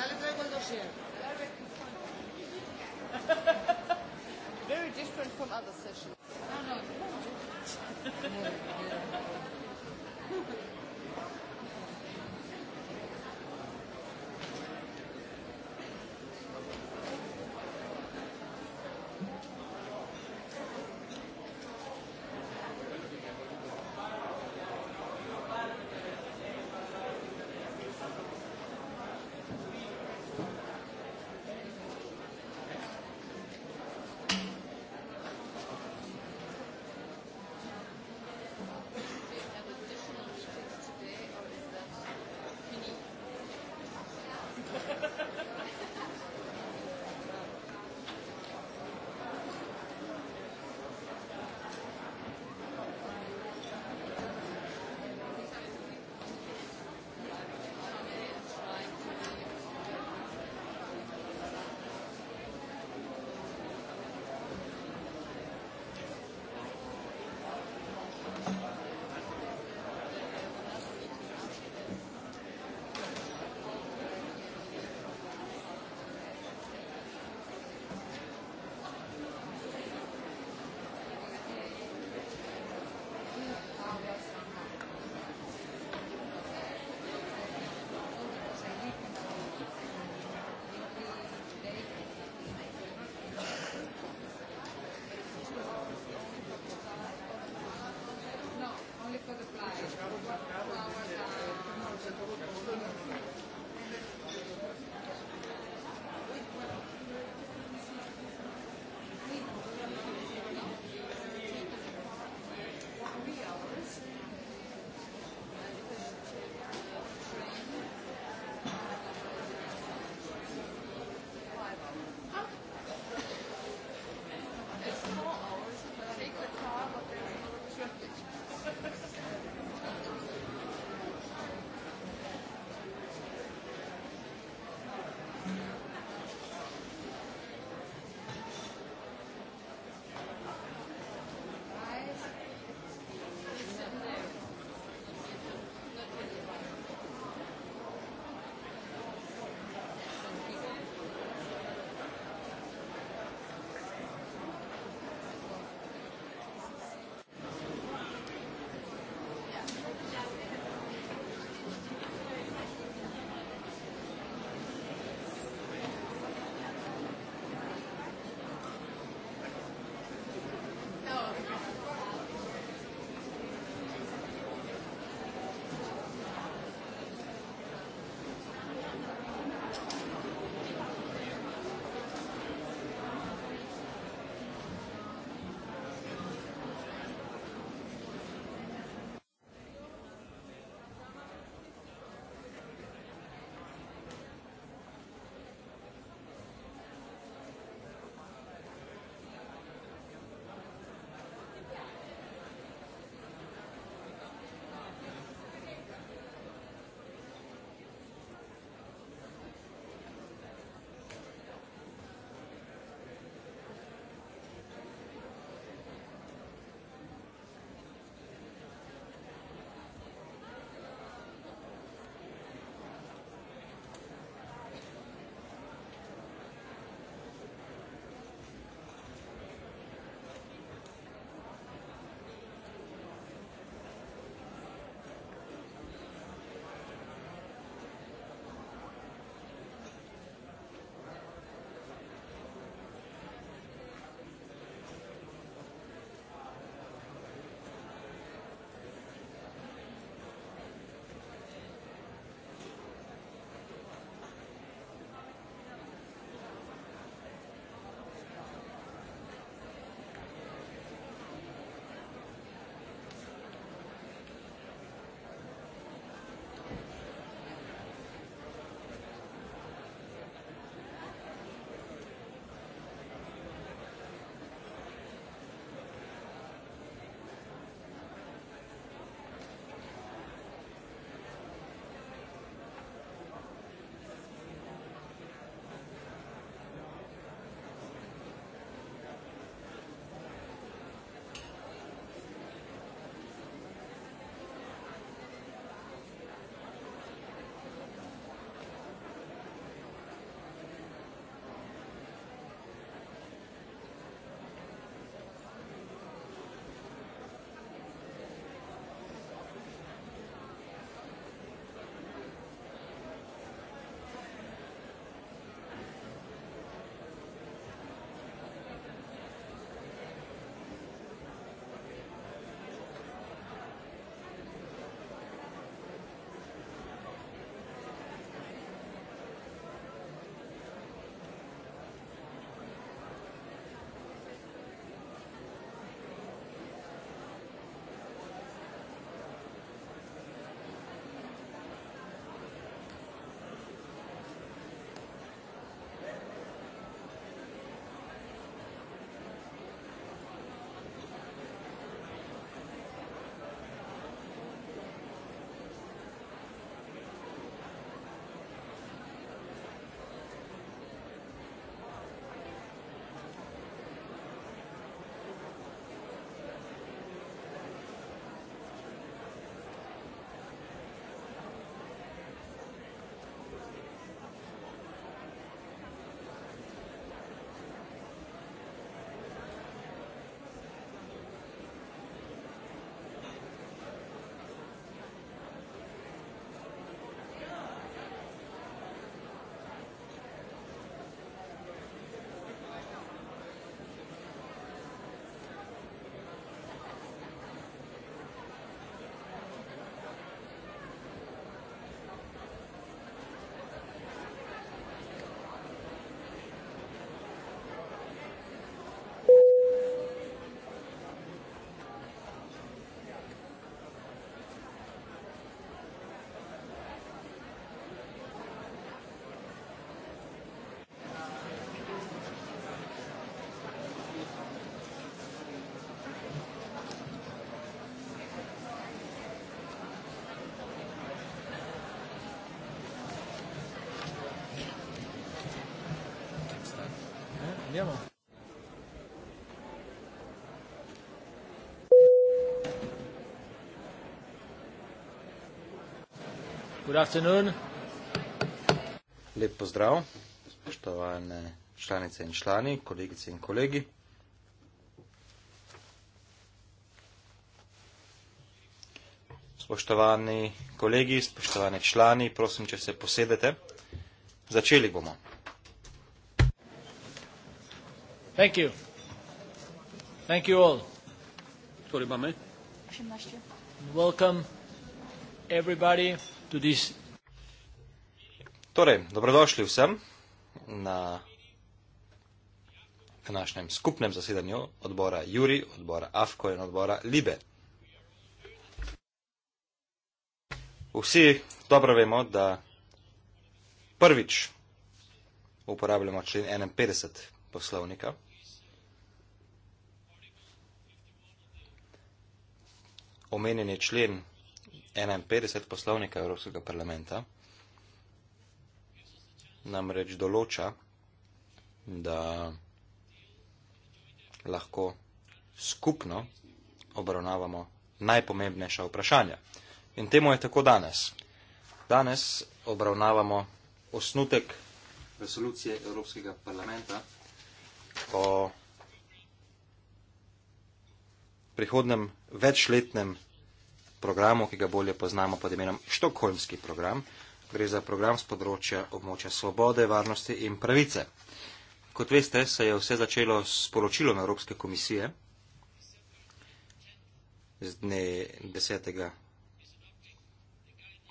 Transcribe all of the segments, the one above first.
Ya le traigo el dossier. Very different from other sessions. No, no. Andiamo. Good afternoon. Lep pozdrav, spoštovane članice in člani, kolegice in kolegi. Spoštovani kolegi, spoštovani člani, prosim, če se posedete. Začeli bomo. Thank you. Thank you all. Torej imamo. 18. Welcome everybody to this. Torej, dobrodošli vsem na današnjem skupnem zasedanju odbora Juri, odbora AFKO in odbora LIBE. Vsi dobro vemo, da prvič uporabljamo člen 51 poslovnika. omenjeni člen 51 poslovnika Evropskega parlamenta namreč določa, da lahko skupno obravnavamo najpomembnejša vprašanja. In temu je tako danes. Danes obravnavamo osnutek resolucije Evropskega parlamenta o prihodnem večletnem programu, ki ga bolje poznamo pod imenom Štokholmski program. Gre za program z področja območja svobode, varnosti in pravice. Kot veste, se je vse začelo s poročilom Evropske komisije z dne 10.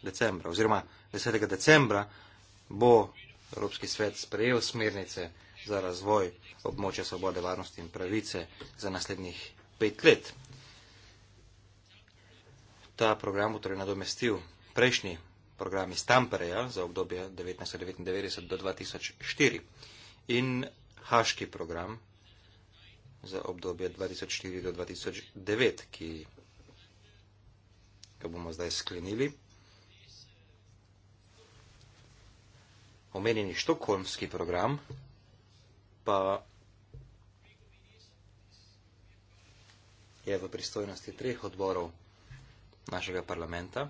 decembra. Oziroma 10. decembra bo Evropski svet sprejel smernice za razvoj območja svobode, varnosti in pravice za naslednjih pet let. Ta program bo torej nadomestil prejšnji program iz Tampereja za obdobje 1999 do 2004 in Haški program za obdobje 2004 do 2009, ki ga bomo zdaj sklenili. Omenjeni štokholmski program pa je v pristojnosti treh odborov našega parlamenta.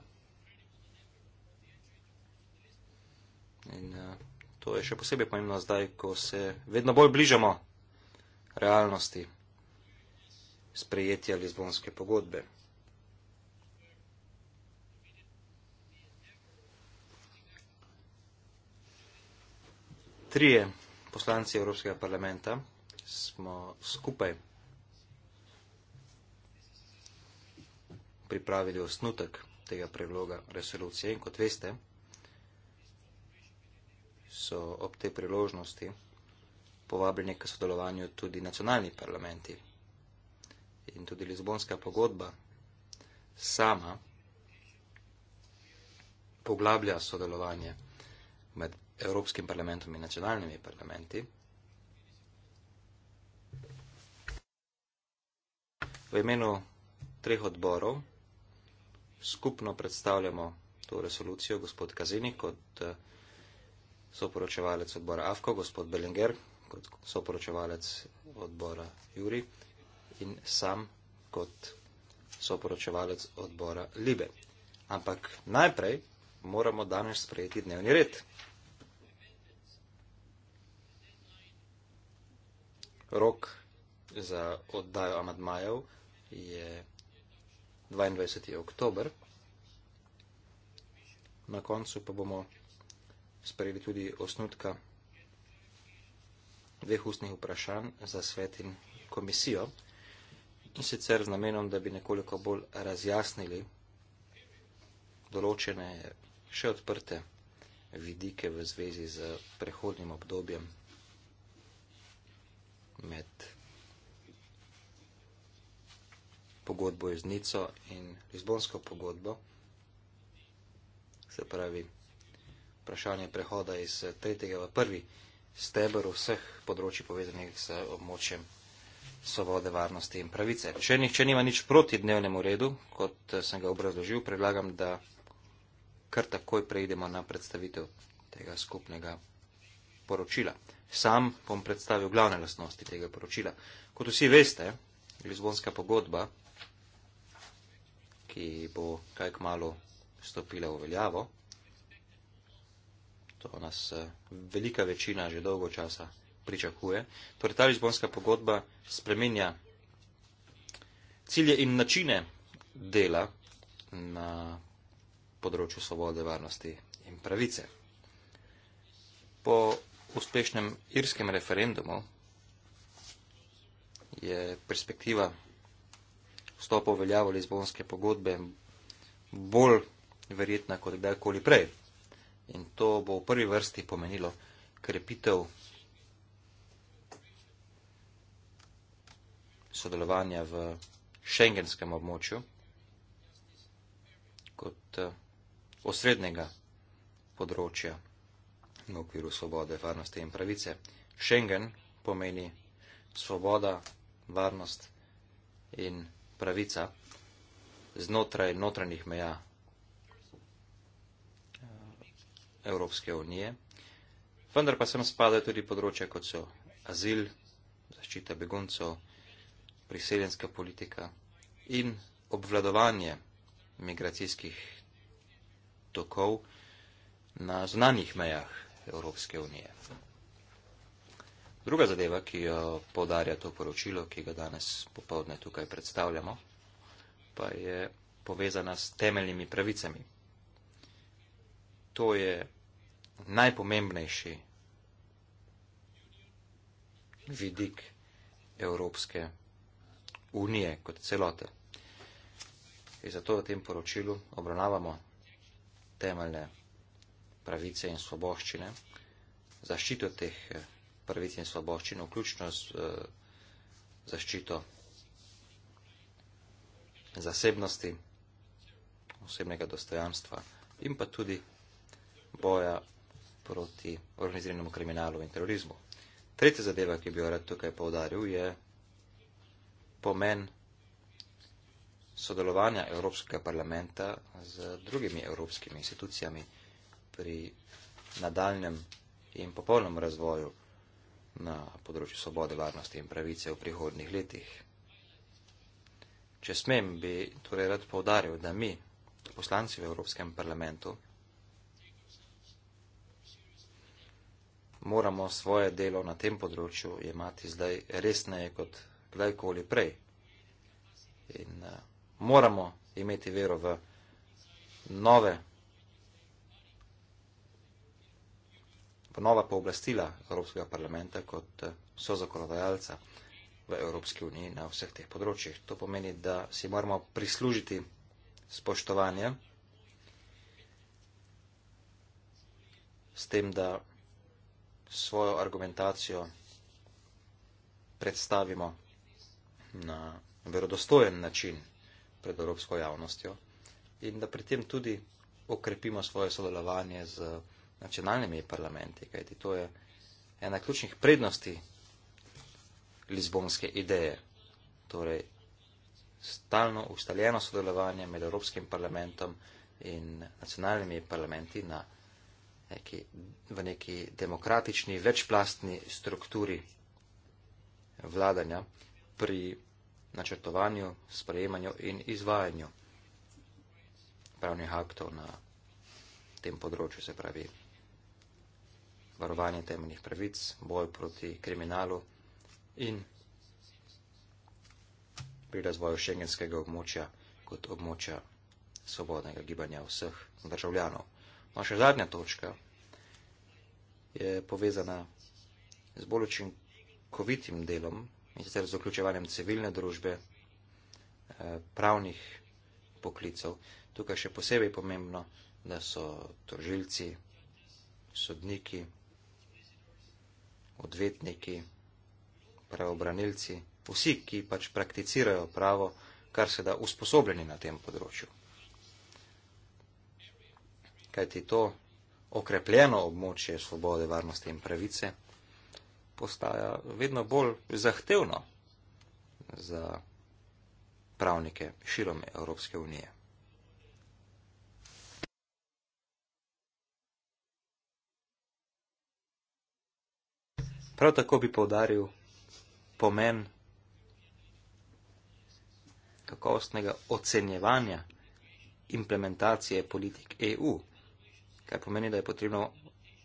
In eh, to je še posebej pomembno zdaj, ko se vedno bolj bližamo realnosti sprejetja Lizbonske pogodbe. Trije poslanci Evropskega parlamenta smo skupaj pripravili osnutek tega predloga resolucije in kot veste, so ob tej priložnosti povabljeni k sodelovanju tudi nacionalni parlamenti in tudi Lizbonska pogodba sama poglablja sodelovanje med Evropskim parlamentom in nacionalnimi parlamenti. V imenu treh odborov skupno predstavljamo to resolucijo, gospod Kazini kot eh, soporočevalec odbora AFKO, gospod Belinger kot soporočevalec odbora Juri in sam kot soporočevalec odbora Libe. Ampak najprej moramo danes sprejeti dnevni red. Rok za oddajo amadmajev je 22. oktober. Na koncu pa bomo sprejeli tudi osnutka dveh ustnih vprašanj za svet in komisijo, in sicer z namenom, da bi nekoliko bolj razjasnili določene še odprte vidike v zvezi z prehodnim obdobjem med pogodbo iz Nico in Lizbonsko pogodbo, se pravi vprašanje prehoda iz tretjega v prvi steber vseh področji povezanih s območjem svobode, varnosti in pravice. Če nihče nima nič proti dnevnemu redu, kot eh, sem ga obrazložil, predlagam, da kar takoj preidemo na predstavitev tega skupnega poročila. Sam bom predstavil glavne lastnosti tega poročila. Kot vsi veste, Lizbonska pogodba ki bo kaj kmalo stopila v veljavo. To nas eh, velika večina že dolgo časa pričakuje. Torej, ta Lizbonska pogodba spremenja cilje in načine dela na področju svobode, varnosti in pravice. Po uspešnem irskem referendumu je perspektiva vstopa uveljavo Lizbonske pogodbe bolj verjetna kot kdajkoli prej. In to bo v prvi vrsti pomenilo krepitev sodelovanja v šengenskem območju kot eh, osrednjega področja v okviru svobode, varnosti in pravice. Schengen pomeni svoboda, varnost in pravice pravica znotraj notranjih meja Evropske unije. Vendar pa sem spadajo tudi področje, kot so azil, zaščita beguncov, priseljenska politika in obvladovanje migracijskih tokov na znanih mejah Evropske unije. Druga zadeva, ki jo podarja to poročilo, ki ga danes popovdne tukaj predstavljamo, pa je povezana s temeljnimi pravicami. To je najpomembnejši vidik Evropske unije kot celote. In zato v tem poročilu obravnavamo temeljne pravice in svoboščine, zaščito teh pravice in svoboščine, vključno z eh, zaščito zasebnosti, osebnega dostojanstva in pa tudi boja proti organiziranemu kriminalu in terorizmu. Tretja zadeva, ki bi jo rad tukaj povdaril, je pomen sodelovanja Evropskega parlamenta z drugimi evropskimi institucijami pri nadaljem in popolnem razvoju na področju svobode, varnosti in pravice v prihodnih letih. Če smem, bi torej rad povdaril, da mi, poslanci v Evropskem parlamentu, moramo svoje delo na tem področju imati zdaj resneje kot kdajkoli prej. In uh, moramo imeti vero v nove nova pooblastila Evropskega parlamenta kot eh, so zakonodajalca v Evropski uniji na vseh teh področjih. To pomeni, da si moramo prislužiti spoštovanje s tem, da svojo argumentacijo predstavimo na verodostojen način pred Evropsko javnostjo in da pri tem tudi okrepimo svoje sodelovanje z Evropsko unijo nacionalnimi parlamenti, kajti to je ena ključnih prednosti Lizbonske ideje. Torej, stalno ustaljeno sodelovanje med Evropskim parlamentom in nacionalnimi parlamenti na neki, v neki demokratični, večplastni strukturi vladanja pri načrtovanju, sprejemanju in izvajanju pravnih aktov na tem področju, se pravi varovanje temeljnih pravic, boj proti kriminalu in pri razvoju šengenskega območja kot območja svobodnega gibanja vseh državljanov. No, še zadnja točka je povezana z bolj učinkovitim delom in sicer z vključevanjem civilne družbe, eh, pravnih poklicov. Tukaj še posebej pomembno, da so tožilci, sodniki, odvetniki, pravobranilci, vsi, ki pač prakticirajo pravo, kar se da usposobljeni na tem področju. Kaj ti to okrepljeno območje svobode, varnosti in pravice postaja vedno bolj zahtevno za pravnike širom Evropske unije. Prav tako bi povdaril pomen kakovostnega ocenjevanja implementacije politik EU, kaj pomeni, da je potrebno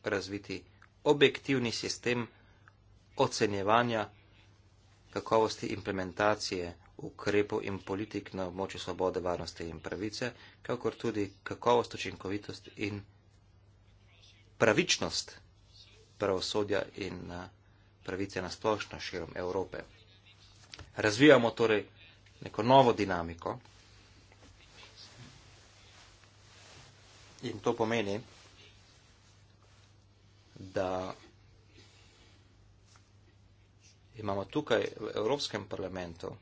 razviti objektivni sistem ocenjevanja kakovosti implementacije ukrepov in politik na območju svobode, varnosti in pravice, kakor tudi kakovost, učinkovitost in pravičnost pravosodja in uh, pravice na splošno širom Evrope. Razvijamo torej neko novo dinamiko in to pomeni, da imamo tukaj v Evropskem parlamentu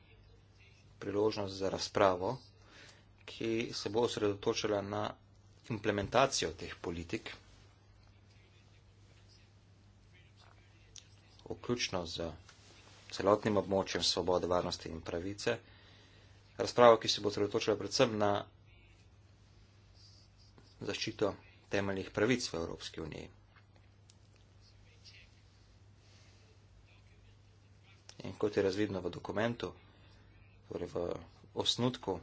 priložnost za razpravo, ki se bo osredotočila na implementacijo teh politik vključno z celotnim območjem svobode, varnosti in pravice. Razprava, ki se bo sredotočila predvsem na zaščito temeljnih pravic v Evropski uniji. In kot je razvidno v dokumentu, torej v osnutku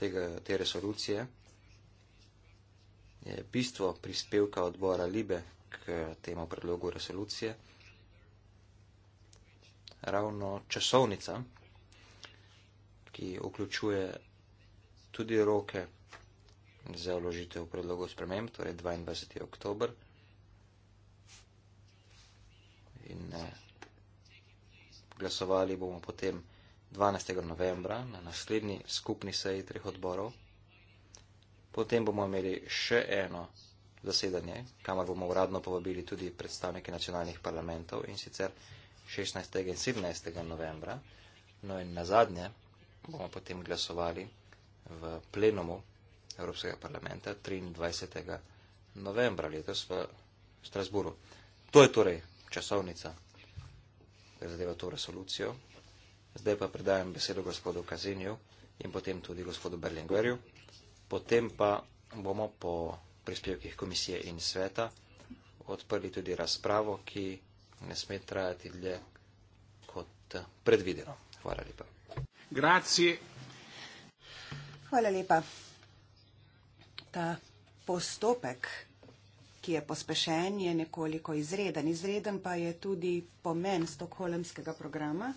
tega, te resolucije, je bistvo prispevka odbora Libe k temu predlogu resolucije. Ravno časovnica, ki vključuje tudi roke za vložitev predlogov sprememb, torej 22. oktober. In eh, glasovali bomo potem 12. novembra na naslednji skupni seji treh odborov. Potem bomo imeli še eno zasedanje, kamor bomo uradno povabili tudi predstavnike nacionalnih parlamentov in sicer 16. in 17. novembra. No in na zadnje bomo potem glasovali v plenumu Evropskega parlamenta 23. novembra letos v Strasburu. To je torej časovnica, ki zadeva to resolucijo. Zdaj pa predajam besedo gospodu Kazinju in potem tudi gospodu Berlingerju. Potem pa bomo po prispevkih komisije in sveta odprli tudi razpravo, ki ne sme trajati dlje kot eh, predvideno. Hvala lepa. Gracije. Hvala lepa. Ta postopek, ki je pospešen, je nekoliko izreden. Izreden pa je tudi pomen stokholmskega programa,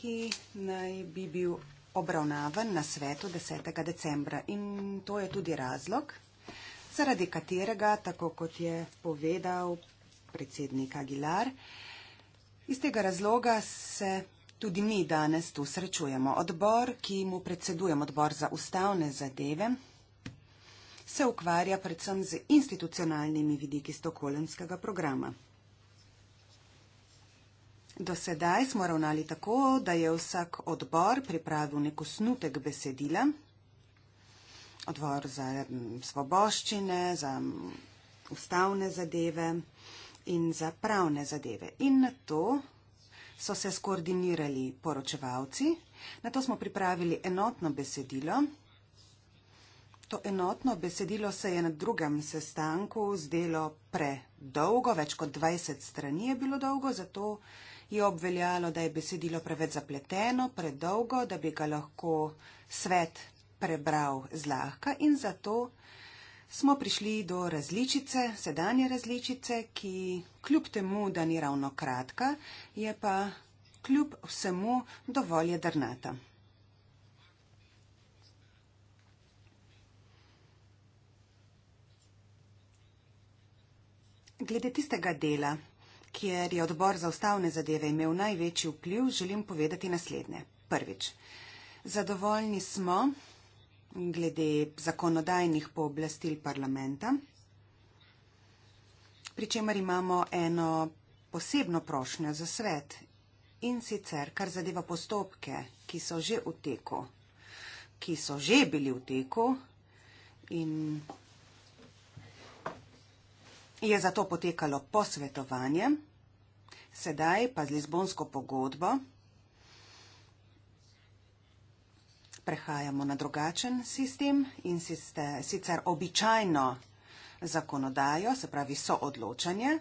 ki naj bi bil obravnavan na svetu 10. decembra. In to je tudi razlog, zaradi katerega, tako kot je povedal predsednik Aguilar, iz tega razloga se tudi mi danes tu srečujemo. Odbor, ki mu predsedujem, odbor za ustavne zadeve, se ukvarja predvsem z institucionalnimi vidiki stokholmskega programa. Do sedaj smo ravnali tako, da je vsak odbor pripravil nek osnutek besedila, odbor za svoboščine, za ustavne zadeve in za pravne zadeve. In na to so se skoordinirali poročevalci, na to smo pripravili enotno besedilo. To enotno besedilo se je na drugem sestanku zdelo predolgo, več kot 20 strani je bilo dolgo, zato je obveljalo, da je besedilo preveč zapleteno, predolgo, da bi ga lahko svet prebral zlahka in zato smo prišli do različice, sedanje različice, ki kljub temu, da ni ravno kratka, je pa kljub vsemu dovolj jedrnata. Glede tistega dela, kjer je odbor za ustavne zadeve imel največji vpliv, želim povedati naslednje. Prvič, zadovoljni smo, glede zakonodajnih pooblastil parlamenta, pri čemer imamo eno posebno prošnjo za svet in sicer, kar zadeva postopke, ki so že v teku, ki so že bili v teku in je zato potekalo posvetovanje, sedaj pa z Lizbonsko pogodbo. prehajamo na drugačen sistem in sicer običajno zakonodajo, se pravi so odločanje,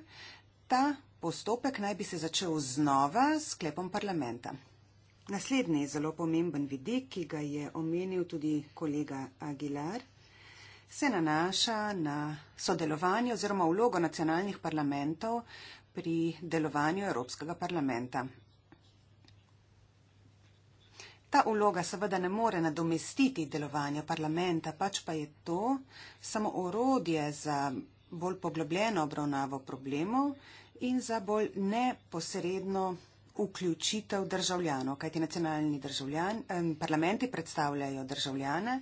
ta postopek naj bi se začel znova s sklepom parlamenta. Naslednji zelo pomemben vidik, ki ga je omenil tudi kolega Aguilar, se nanaša na sodelovanje oziroma vlogo nacionalnih parlamentov pri delovanju Evropskega parlamenta. Ta vloga seveda ne more nadomestiti delovanja parlamenta, pač pa je to samo orodje za bolj poglobljeno obravnavo problemov in za bolj neposredno vključitev državljanov, kajti nacionalni državljan, eh, parlamenti predstavljajo državljane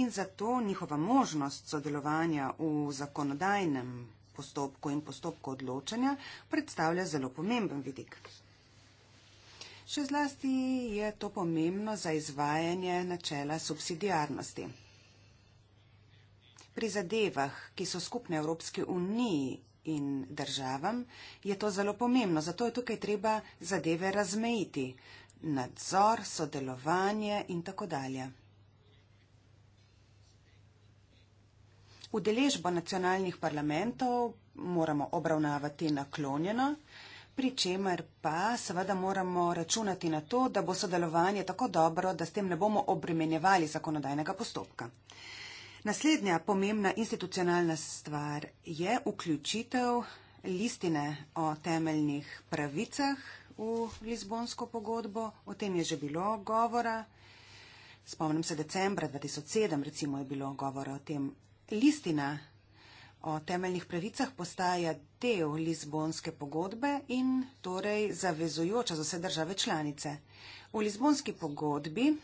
in zato njihova možnost sodelovanja v zakonodajnem postopku in postopku odločanja predstavlja zelo pomemben vidik. Še zlasti je to pomembno za izvajanje načela subsidijarnosti. Pri zadevah, ki so skupne Evropske unije in državam, je to zelo pomembno, zato je tukaj treba zadeve razmejiti, nadzor, sodelovanje in tako dalje. Udeležbo nacionalnih parlamentov moramo obravnavati naklonjeno pri čemer pa seveda moramo računati na to, da bo sodelovanje tako dobro, da s tem ne bomo obremenjevali zakonodajnega postopka. Naslednja pomembna institucionalna stvar je vključitev listine o temeljnih pravicah v Lizbonsko pogodbo. O tem je že bilo govora. Spomnim se, decembra 2007 recimo je bilo govora o tem. Listina o temeljnih pravicah postaja del Lizbonske pogodbe in torej zavezujoča za vse države članice. V Lizbonski pogodbi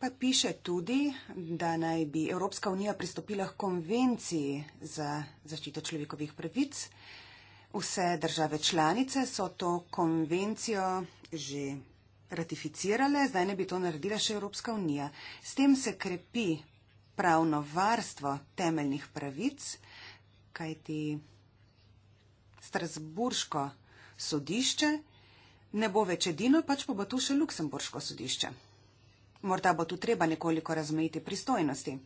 pa piše tudi, da naj bi Evropska unija pristopila k konvenciji za zaščito človekovih pravic. Vse države članice so to konvencijo že ratificirale, zdaj ne bi to naredila še Evropska unija. S tem se krepi pravno varstvo temeljnih pravic, kajti Strasburško sodišče ne bo več edino, pač pa bo tu še Luksemburško sodišče. Morda bo tu treba nekoliko razmejiti pristojnosti.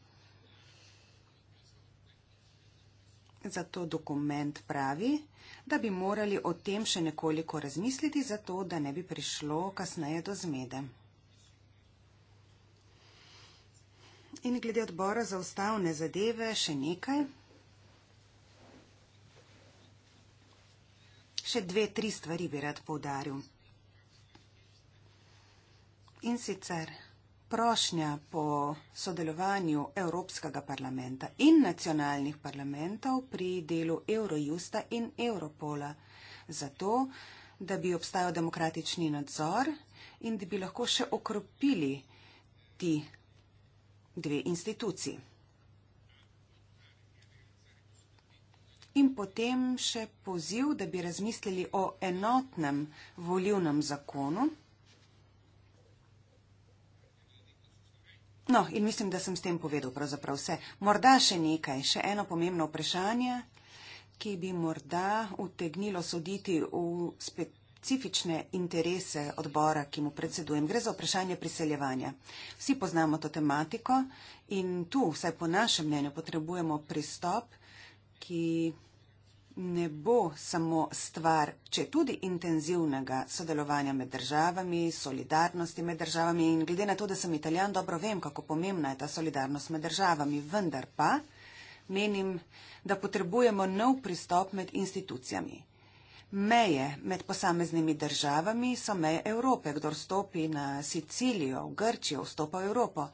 Zato dokument pravi, da bi morali o tem še nekoliko razmisliti, zato da ne bi prišlo kasneje do zmede. in glede odbora za ustavne zadeve še nekaj. Še dve, tri stvari bi rad povdaril. In sicer prošnja po sodelovanju Evropskega parlamenta in nacionalnih parlamentov pri delu Eurojusta in Europola zato, da bi obstajal demokratični nadzor in da bi lahko še okropili ti dve instituciji. In potem še poziv, da bi razmislili o enotnem volivnem zakonu. No, in mislim, da sem s tem povedal pravzaprav vse. Morda še nekaj, še eno pomembno vprašanje, ki bi morda utegnilo soditi v spet specifične interese odbora, ki mu predsedujem. Gre za vprašanje priseljevanja. Vsi poznamo to tematiko in tu, vsaj po našem mnenju, potrebujemo pristop, ki ne bo samo stvar, če tudi intenzivnega sodelovanja med državami, solidarnosti med državami in glede na to, da sem italijan, dobro vem, kako pomembna je ta solidarnost med državami, vendar pa menim, da potrebujemo nov pristop med institucijami meje med posameznimi državami so meje Evrope. Kdor stopi na Sicilijo, v Grčijo, vstopa v Evropo.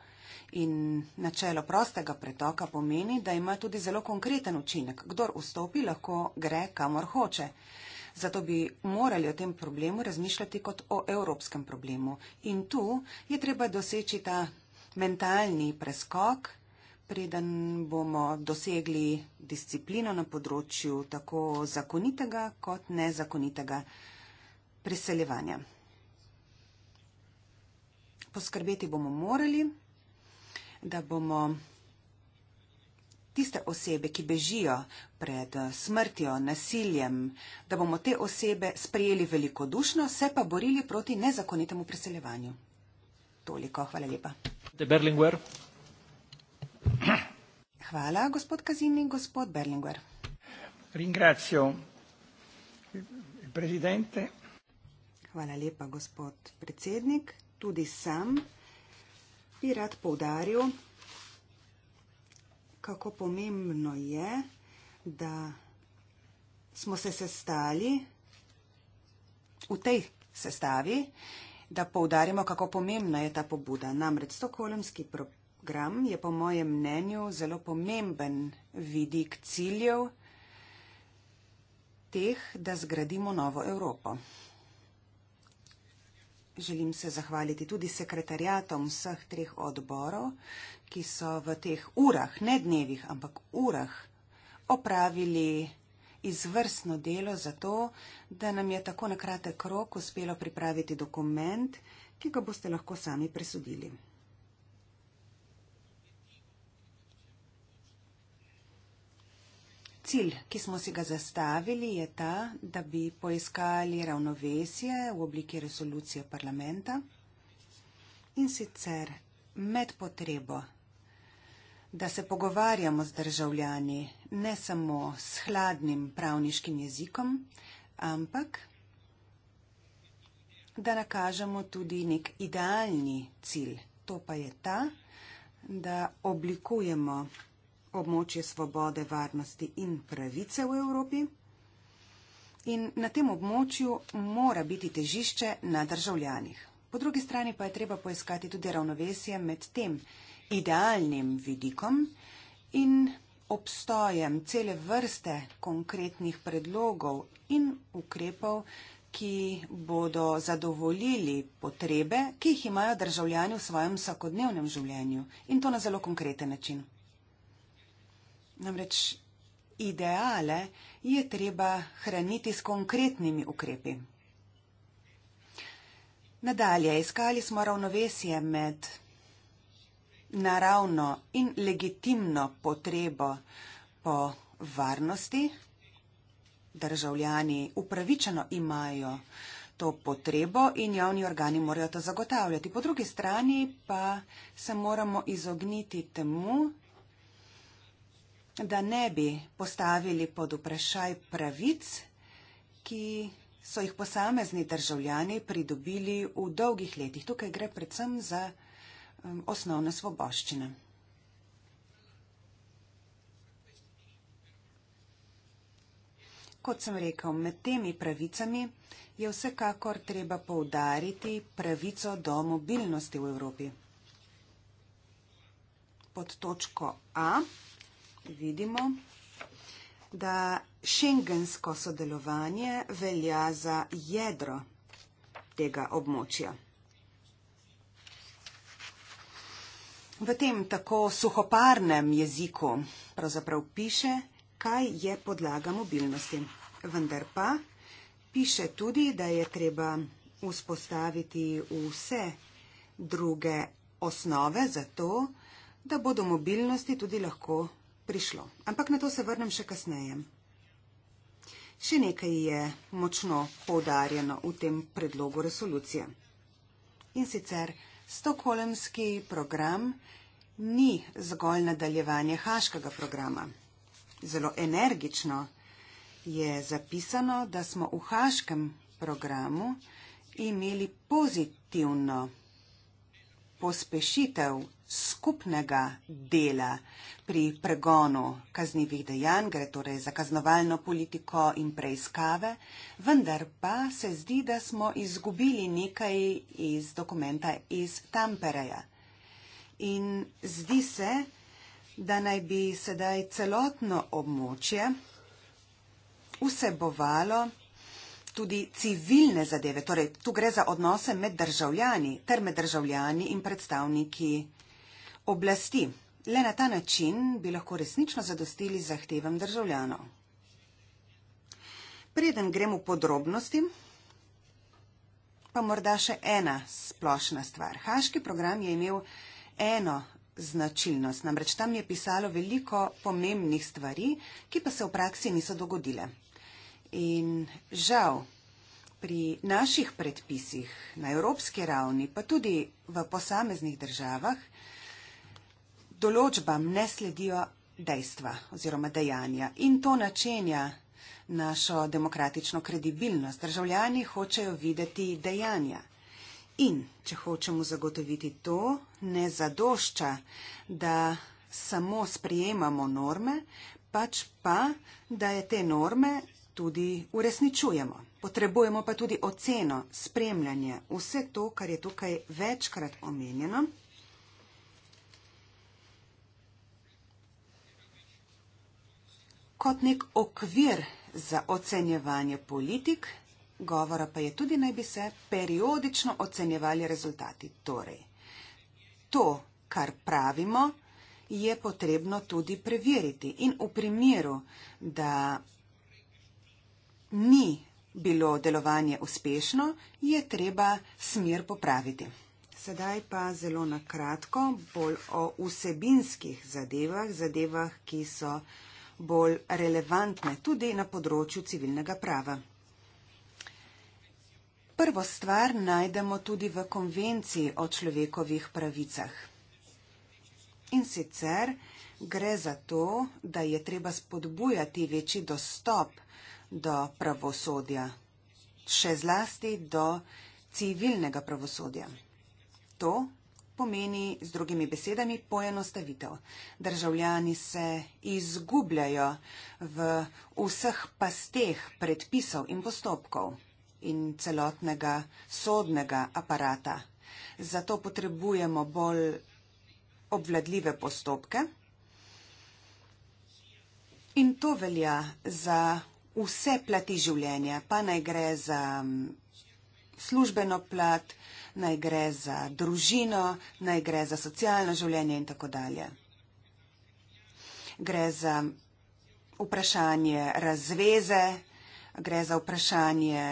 In načelo prostega pretoka pomeni, da ima tudi zelo konkreten učinek. Kdor vstopi, lahko gre kamor hoče. Zato bi morali o tem problemu razmišljati kot o evropskem problemu. In tu je treba doseči ta mentalni preskok preden bomo dosegli disciplino na področju tako zakonitega kot nezakonitega preseljevanja. Poskrbeti bomo morali, da bomo tiste osebe, ki bežijo pred smrtjo, nasiljem, da bomo te osebe sprejeli velikodušno, se pa borili proti nezakonitemu preseljevanju. Toliko. Hvala lepa. De Berlinguer. Hvala, gospod Kazini. Gospod Berlinguer. Ringrazio. Presidente. Hvala lepa, gospod predsednik. Tudi sam bi rad poudaril, kako pomembno je, da smo se sestali v tej sestavi, da poudarimo, kako pomembna je ta pobuda. Namreč stokholmski program je po mojem mnenju zelo pomemben vidik ciljev teh, da zgradimo novo Evropo. Želim se zahvaliti tudi sekretarjatom vseh treh odborov, ki so v teh urah, ne dnevih, ampak urah, opravili izvrstno delo za to, da nam je tako na kratek rok uspelo pripraviti dokument, ki ga boste lahko sami presudili. Cilj, ki smo si ga zastavili, je ta, da bi poiskali ravnovesje v obliki resolucije parlamenta in sicer med potrebo, da se pogovarjamo z državljani ne samo s hladnim pravniškim jezikom, ampak da nakažemo tudi nek idealni cilj. To pa je ta, da oblikujemo območje svobode, varnosti in pravice v Evropi. In na tem območju mora biti težišče na državljanih. Po drugi strani pa je treba poiskati tudi ravnovesje med tem idealnim vidikom in obstojem cele vrste konkretnih predlogov in ukrepov, ki bodo zadovoljili potrebe, ki jih imajo državljani v svojem vsakodnevnem življenju in to na zelo konkreten način. Namreč ideale je treba hraniti s konkretnimi ukrepi. Nadalje, iskali smo ravnovesje med naravno in legitimno potrebo po varnosti. Državljani upravičeno imajo to potrebo in javni organi morajo to zagotavljati. Po drugi strani pa se moramo izogniti temu, da ne bi postavili pod vprašaj pravic, ki so jih posamezni državljani pridobili v dolgih letih. Tukaj gre predvsem za um, osnovne svoboščine. Kot sem rekel, med temi pravicami je vsekakor treba poudariti pravico do mobilnosti v Evropi. Pod točko A vidimo, da šengensko sodelovanje velja za jedro tega območja. V tem tako suhoparnem jeziku pravzaprav piše, kaj je podlaga mobilnosti. Vendar pa piše tudi, da je treba vzpostaviti vse druge osnove za to, da bodo mobilnosti tudi lahko prišlo. Ampak na to se vrnem še kasneje. Še nekaj je močno poudarjeno v tem predlogu resolucije. In sicer stokholmski program ni zgolj nadaljevanje haškega programa. Zelo energično je zapisano, da smo v haškem programu imeli pozitivno pospešitev skupnega dela pri pregonu kaznjivih dejanj, gre torej za kaznovalno politiko in preiskave, vendar pa se zdi, da smo izgubili nekaj iz dokumenta iz Tampereja. In zdi se, da naj bi sedaj celotno območje vsebovalo tudi civilne zadeve. Torej, tu gre za odnose med državljani ter med državljani in predstavniki oblasti. Le na ta način bi lahko resnično zadostili zahtevam državljanov. Preden gremo v podrobnosti, pa morda še ena splošna stvar. Haški program je imel eno značilnost, namreč tam je pisalo veliko pomembnih stvari, ki pa se v praksi niso dogodile. In žal, pri naših predpisih na evropski ravni, pa tudi v posameznih državah, določbam ne sledijo dejstva oziroma dejanja in to načenja našo demokratično kredibilnost. Državljani hočejo videti dejanja. In če hočemo zagotoviti to, ne zadošča, da samo sprejemamo norme, pač pa, da je te norme tudi uresničujemo. Potrebujemo pa tudi oceno, spremljanje, vse to, kar je tukaj večkrat omenjeno. Kot nek okvir za ocenjevanje politik, govora pa je tudi naj bi se periodično ocenjevali rezultati. Torej, to, kar pravimo, je potrebno tudi preveriti. In v primeru, da ni bilo delovanje uspešno, je treba smer popraviti. Sedaj pa zelo na kratko, bolj o vsebinskih zadevah, zadevah, ki so bolj relevantne tudi na področju civilnega prava. Prvo stvar najdemo tudi v konvenciji o človekovih pravicah. In sicer gre za to, da je treba spodbujati večji dostop do pravosodja, še zlasti do civilnega pravosodja. To pomeni z drugimi besedami poenostavitev. Državljani se izgubljajo v vseh pasteh predpisov in postopkov in celotnega sodnega aparata. Zato potrebujemo bolj obvladljive postopke. In to velja za vse plati življenja, pa naj gre za mm, službeno plat, naj gre za družino, naj gre za socialno življenje in tako dalje. Gre za vprašanje razveze, gre za vprašanje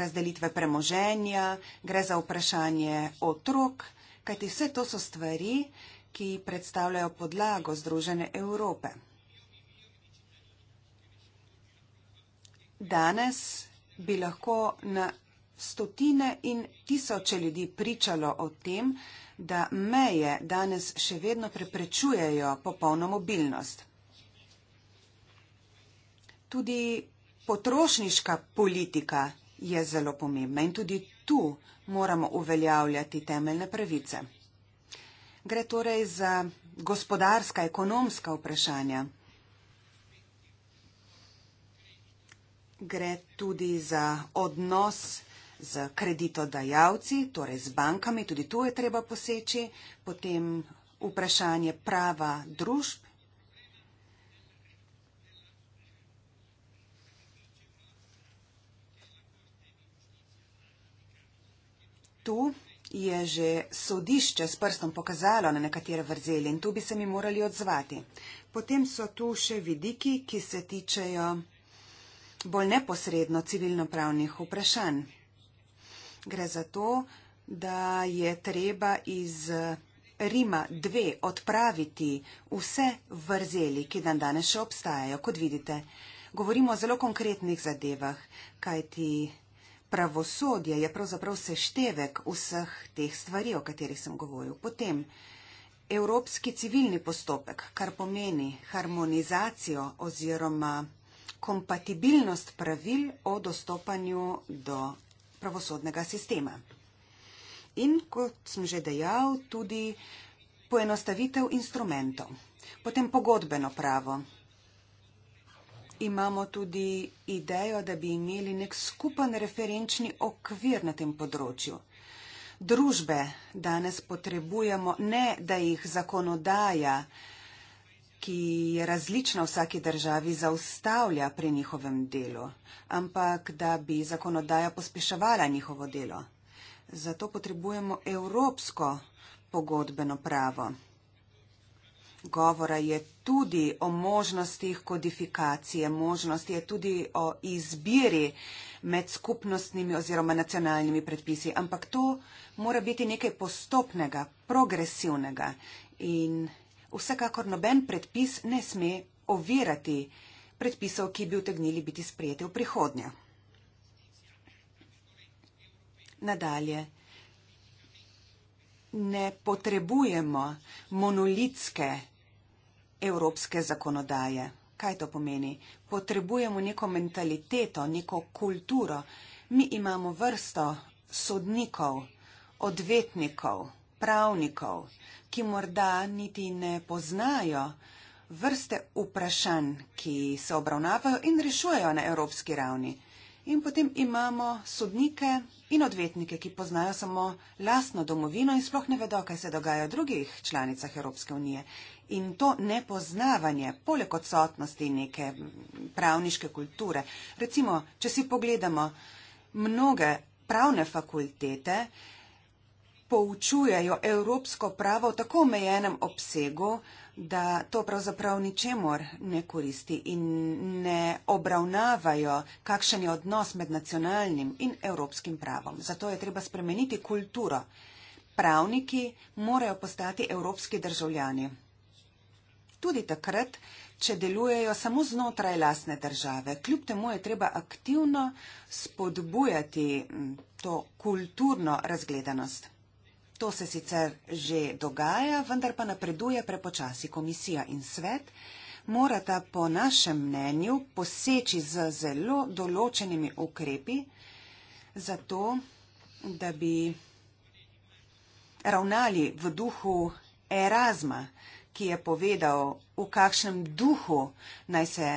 razdelitve premoženja, gre za vprašanje otrok, kajti vse to so stvari, ki predstavljajo podlago Združene Evrope. Danes bi lahko na stotine in tisoče ljudi pričalo o tem, da meje danes še vedno preprečujejo popolno mobilnost. Tudi potrošniška politika je zelo pomembna in tudi tu moramo uveljavljati temeljne pravice. Gre torej za gospodarska, ekonomska vprašanja. gre tudi za odnos z kreditodajalci, torej z bankami, tudi tu je treba poseči, potem vprašanje prava družb. Tu je že sodišče s prstom pokazalo na nekatere vrzeli in tu bi se mi morali odzvati. Potem so tu še vidiki, ki se tičejo bolj neposredno civilnopravnih vprašanj. Gre za to, da je treba iz Rima 2 odpraviti vse vrzeli, ki dan danes še obstajajo. Kot vidite, govorimo o zelo konkretnih zadevah, kajti pravosodje je pravzaprav seštevek vseh teh stvari, o katerih sem govoril. Potem evropski civilni postopek, kar pomeni harmonizacijo oziroma kompatibilnost pravil o dostopanju do pravosodnega sistema. In kot sem že dejal, tudi poenostavitev instrumentov. Potem pogodbeno pravo. Imamo tudi idejo, da bi imeli nek skupen referenčni okvir na tem področju. Družbe danes potrebujemo ne, da jih zakonodaja eh, ki je različna vsaki državi, zaustavlja pri njihovem delu, ampak da bi zakonodaja pospeševala njihovo delo. Zato potrebujemo evropsko pogodbeno pravo. Govora je tudi o možnostih kodifikacije, možnosti je tudi o izbiri med skupnostnimi oziroma nacionalnimi predpisi, ampak to mora biti nekaj postopnega, progresivnega in Vsekakor noben predpis ne sme ovirati predpisov, ki bi utegnili biti sprejeti v prihodnje. Nadalje, ne potrebujemo monolitske evropske zakonodaje. Kaj to pomeni? Potrebujemo neko mentaliteto, neko kulturo. Mi imamo vrsto sodnikov, odvetnikov pravnikov, ki morda niti ne poznajo vrste vprašanj, ki se obravnavajo in rešujejo na evropski ravni. In potem imamo sodnike in odvetnike, ki poznajo samo lastno domovino in sploh ne vedo, kaj se dogaja v drugih članicah Evropske unije. In to nepoznavanje, poleg odsotnosti neke pravniške kulture, recimo, če si pogledamo mnoge pravne fakultete, poučujejo evropsko pravo v tako omejenem obsegu, da to pravzaprav ničemor ne koristi in ne obravnavajo, kakšen je odnos med nacionalnim in evropskim pravom. Zato je treba spremeniti kulturo. Pravniki morajo postati evropski državljani. Tudi takrat, če delujejo samo znotraj lastne države. Kljub temu je treba aktivno spodbujati mm, to kulturno razgledanost. To se sicer že dogaja, vendar pa napreduje prepočasi komisija in svet, morata po našem mnenju poseči z zelo določenimi ukrepi, zato da bi ravnali v duhu Erasma, ki je povedal, v kakšnem duhu naj se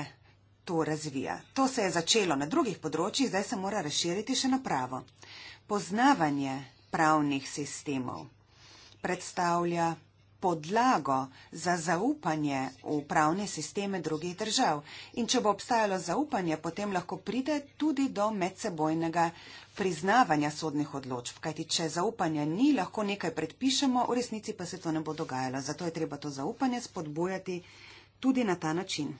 to razvija. To se je začelo na drugih področjih, zdaj se mora razširiti še na pravo. Poznavanje pravnih sistemov. Predstavlja podlago za zaupanje v pravne sisteme drugih držav. In če bo obstajalo zaupanje, potem lahko pride tudi do medsebojnega priznavanja sodnih odločb. Kajti, če zaupanja ni, lahko nekaj predpišemo, v resnici pa se to ne bo dogajalo. Zato je treba to zaupanje spodbujati tudi na ta način.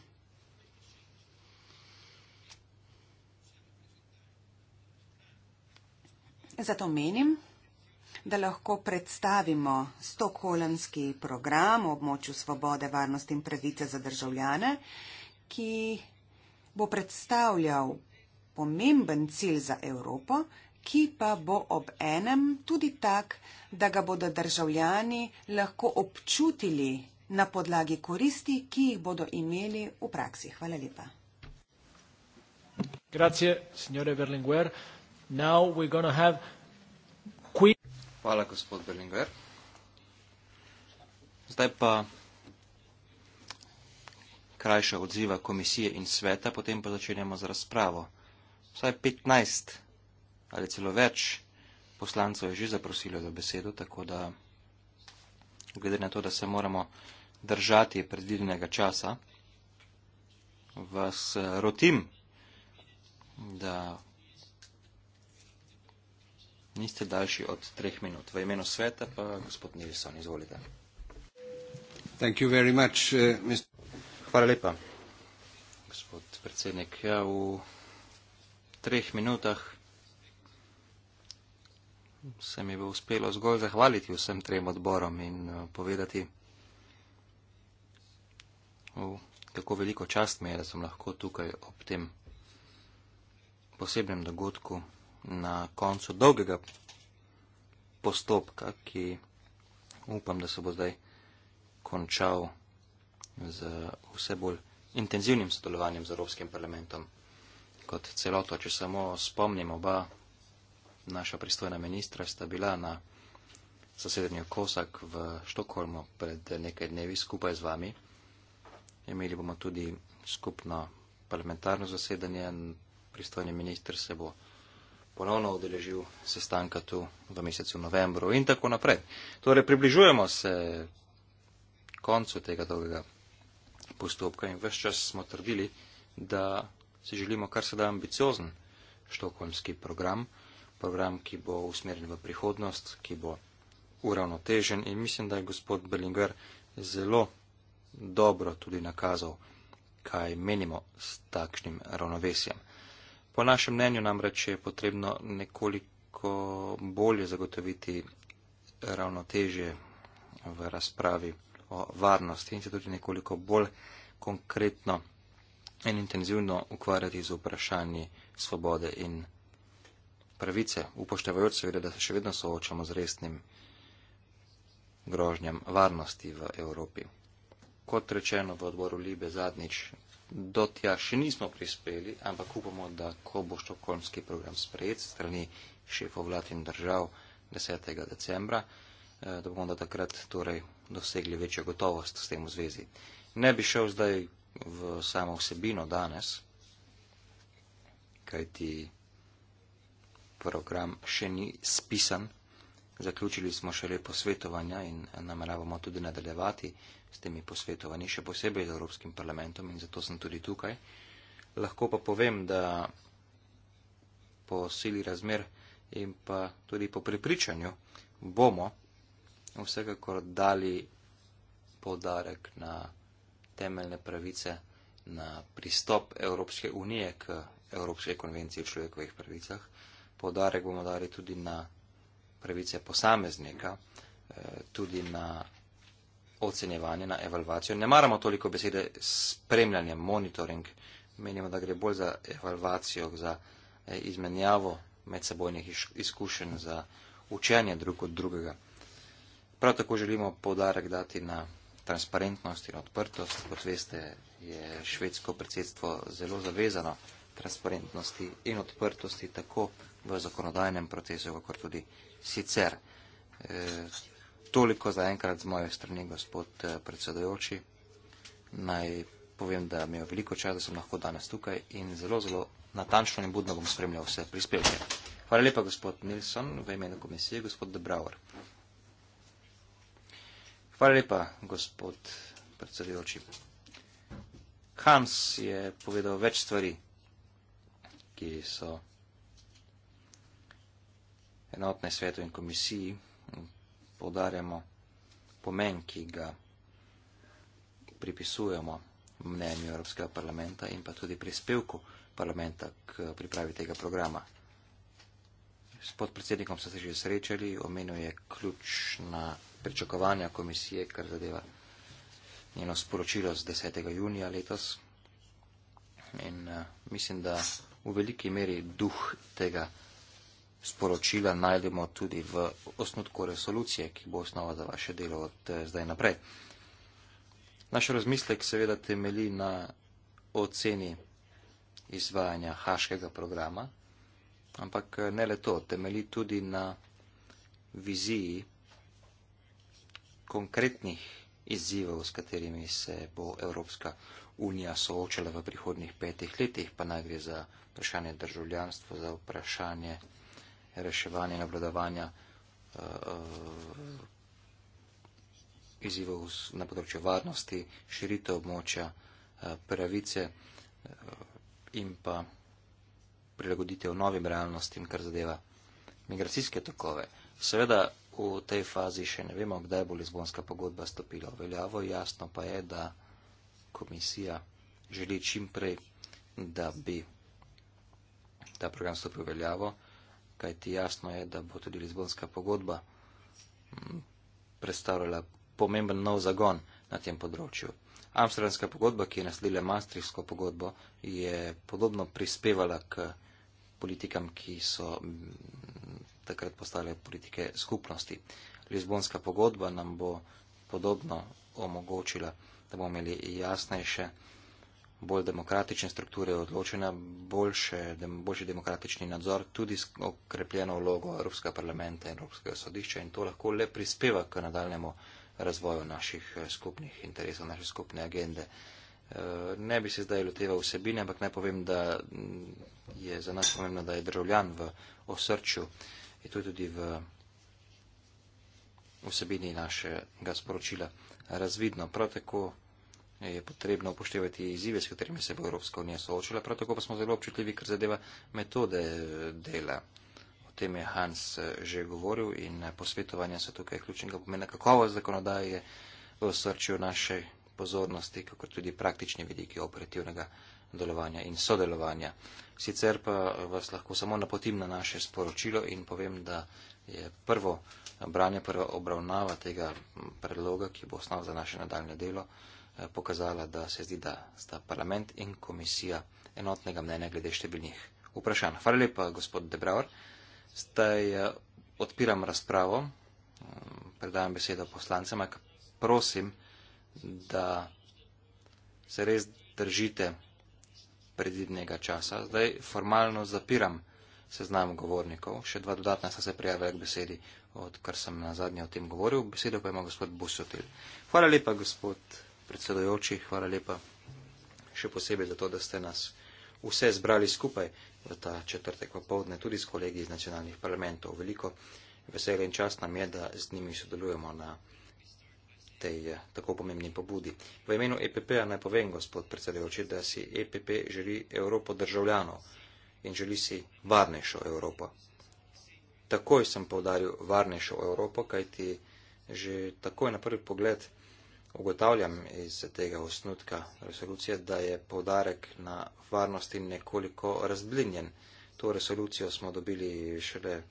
Zato menim, da lahko predstavimo stokholmski program o območju svobode, varnosti in pravice za državljane, ki bo predstavljal pomemben cilj za Evropo, ki pa bo ob enem tudi tak, da ga bodo državljani lahko občutili na podlagi koristi, ki jih bodo imeli v praksi. Hvala lepa. Grazie, signore Berlinguer. Now we're going to have Hvala, gospod Berlinguer. Zdaj pa krajša odziva komisije in sveta, potem pa začenjamo z razpravo. Vsaj 15 ali celo več poslancev je že zaprosilo za besedo, tako da glede na to, da se moramo držati predvidenega časa, vas rotim, da niste daljši od treh minut. V imenu sveta pa gospod Nilsson, izvolite. Much, uh, Hvala lepa, gospod predsednik. Ja, v treh minutah se mi bo uspelo zgolj zahvaliti vsem trem odborom in uh, povedati, uh, kako veliko čast mi je, da sem lahko tukaj ob tem posebnem dogodku na koncu dolgega postopka, ki upam, da se bo zdaj končal z vse bolj intenzivnim sodelovanjem z Evropskim parlamentom. Kot celoto, če samo spomnim, oba naša pristojna ministra sta bila na zasedanju Kosak v Štokholmu pred nekaj dnevi skupaj z vami. Imeli bomo tudi skupno parlamentarno zasedanje, pristojni minister se bo ponovno odeležil sestanka tu v mesecu novembru in tako naprej. Torej, približujemo se koncu tega dolgega postopka in vse čas smo trdili, da si želimo kar se da ambiciozen štokholmski program, program, ki bo usmerjen v prihodnost, ki bo uravnotežen in mislim, da je gospod Berlinger zelo dobro tudi nakazal, kaj menimo s takšnim ravnovesjem. Po našem mnenju namreč je potrebno nekoliko bolje zagotoviti ravnotežje v razpravi o varnosti in se tudi nekoliko bolj konkretno in intenzivno ukvarjati z vprašanji svobode in pravice, upoštevajoč seveda, da se še vedno soočamo z resnim grožnjam varnosti v Evropi. Kot rečeno v odboru Libe zadnjič, do tja še nismo prispeli, ampak upamo, da ko bo štokholmski program sprejet strani šefov vlad in držav 10. decembra, eh, da bomo da takrat torej dosegli večjo gotovost s tem v zvezi. Ne bi šel zdaj v samo vsebino danes, kajti program še ni spisan. Zaključili smo še lepo svetovanja in nameravamo tudi nadaljevati s temi posvetovanji, še posebej z Evropskim parlamentom in zato sem tudi tukaj. Lahko pa povem, da po sili razmer in pa tudi po prepričanju bomo vsekakor dali podarek na temeljne pravice, na pristop Evropske unije k Evropske konvencije o človekovih pravicah. Podarek bomo dali tudi na pravice posameznika, eh, tudi na ocenjevanje, na evalvacijo. Ne maramo toliko besede spremljanje, monitoring. Menimo, da gre bolj za evalvacijo, za eh, izmenjavo medsebojnih izkušenj, za učenje drug od drugega. Prav tako želimo povdarek dati na transparentnost in odprtost. Kot veste, je švedsko predsedstvo zelo zavezano transparentnosti in odprtosti tako v zakonodajnem procesu, kot tudi sicer. E, toliko za enkrat z moje strani, gospod eh, predsedojoči. Naj povem, da mi je veliko čas, da sem lahko danes tukaj in zelo, zelo natančno in budno bom spremljal vse prispevke. Hvala lepa, gospod Nilsson, v imenu komisije, gospod Debrauer. Hvala lepa, gospod predsedujoči. Hans je povedal več stvari, ki so enotne svetu in komisiji, poudarjamo pomen, ki ga pripisujemo mnenju Evropskega parlamenta in pa tudi prispevku parlamenta k pripravi tega programa. S podpredsednikom so se že srečali, omenil je ključna pričakovanja komisije, kar zadeva njeno sporočilo z 10. junija letos. In uh, mislim, da v veliki meri duh tega sporočila najdemo tudi v osnutku resolucije, ki bo osnova za vaše delo od eh, zdaj naprej. Naš razmislek seveda temeli na oceni izvajanja haškega programa, ampak eh, ne le to, temeli tudi na viziji konkretnih izzivov, s katerimi se bo Evropska unija soočala v prihodnih petih letih, pa naj gre za vprašanje državljanstva, za vprašanje reševanja in obladovanja eh, eh, izzivov na področju varnosti, širitev območja eh, pravice in pa prilagoditev novim realnostim, kar zadeva migracijske tokove. Seveda v tej fazi še ne vemo, kdaj bo Lizbonska pogodba stopila v veljavo, jasno pa je, da komisija želi čim prej, da bi ta program stopil v veljavo kajti jasno je, da bo tudi Lizbonska pogodba mm, predstavljala pomemben nov zagon na tem področju. Amsterdamska pogodba, ki je nasledila Maastrichtsko pogodbo, je podobno prispevala k politikam, ki so mm, takrat postale politike skupnosti. Lizbonska pogodba nam bo podobno omogočila, da bomo imeli jasnejše bolj demokratične strukture odločena, boljše, dem, boljši demokratični nadzor, tudi okrepljeno vlogo Evropskega parlamenta in Evropskega sodišča in to lahko le prispeva k nadaljemu razvoju naših eh, skupnih interesov, naše skupne agende. Eh, ne bi se zdaj loteval vsebine, ampak naj povem, da mm, je za nas pomembno, da je državljan v osrču in tudi, tudi v vsebini našega sporočila razvidno. Prav tako je potrebno upoštevati izzive, s katerimi se bo Evropska unija soočila, prav tako pa smo zelo občutljivi, kar zadeva metode dela. O tem je Hans eh, že govoril in eh, posvetovanja so tukaj ključnega pomena. Kakovost zakonodaje je v srčju naše pozornosti, kako tudi praktični vidiki operativnega delovanja in sodelovanja. Sicer pa eh, vas lahko samo napotim na naše sporočilo in povem, da je prvo branje, prva obravnava tega predloga, ki bo osnov za naše nadaljne delo. Eh, pokazala, da se zdi, da sta parlament in komisija enotnega mnenja glede številnih vprašanj. Hvala lepa, gospod Debrauer. Zdaj eh, odpiram razpravo, mm, predajam besedo poslancem, ampak prosim, da se res držite predvidnega časa. Zdaj formalno zapiram seznam govornikov. Še dva dodatna sta se prijavila k besedi, odkar sem na zadnje o tem govoril. Besedo pa ima gospod Busotil. Hvala lepa, gospod predsedojoči, hvala lepa še posebej za to, da ste nas vse zbrali skupaj v ta četrtek popovdne, tudi s kolegi iz nacionalnih parlamentov. Veliko veselje in čast nam je, da z njimi sodelujemo na tej eh, tako pomembni pobudi. V imenu EPP-a naj povem, gospod predsedujoči, da si EPP želi Evropo državljanov in želi si varnejšo Evropo. Takoj sem povdaril varnejšo Evropo, kajti že takoj na prvi pogled ugotavljam iz tega osnutka resolucije, da je povdarek na varnosti nekoliko razblinjen. To resolucijo smo dobili šele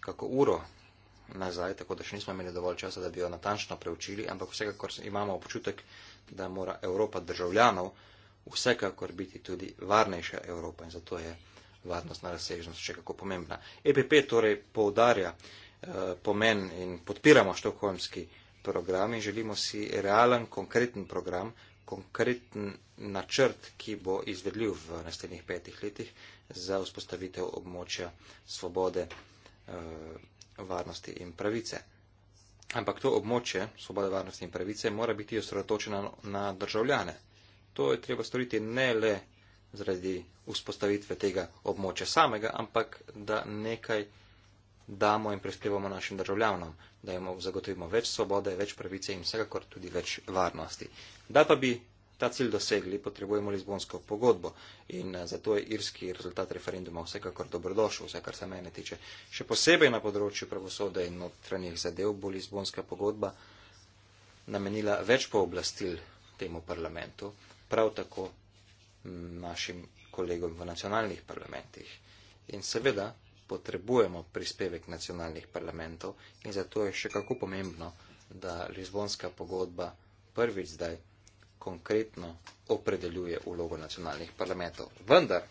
kako uro nazaj, tako da še nismo imeli dovolj časa, da bi jo natančno preučili, ampak vsekakor imamo občutek, da mora Evropa državljanov vsekakor biti tudi varnejša Evropa in zato je varnostna razsežnost še kako pomembna. EPP torej poudarja eh, pomen in podpiramo štokholmski program in želimo si realen, konkreten program, konkreten načrt, ki bo izvedljiv v naslednjih petih letih za vzpostavitev območja svobode, eh, varnosti in pravice. Ampak to območje svobode, varnosti in pravice mora biti osredotočeno na državljane. To je treba storiti ne le zaradi vzpostavitve tega območja samega, ampak da nekaj damo in prispevamo našim državljanom, da jim zagotovimo več svobode, več pravice in vsekakor tudi več varnosti. Da pa bi ta cilj dosegli, potrebujemo Lizbonsko pogodbo in eh, zato je irski rezultat referenduma vsekakor dobrodošel, vse kar se mene tiče. Še posebej na področju pravosode in notranjih zadev bo Lizbonska pogodba namenila več pooblastil temu parlamentu, prav tako našim kolegom v nacionalnih parlamentih. In seveda potrebujemo prispevek nacionalnih parlamentov in zato je še kako pomembno, da Lizbonska pogodba prvič zdaj konkretno opredeljuje vlogo nacionalnih parlamentov. Vendar,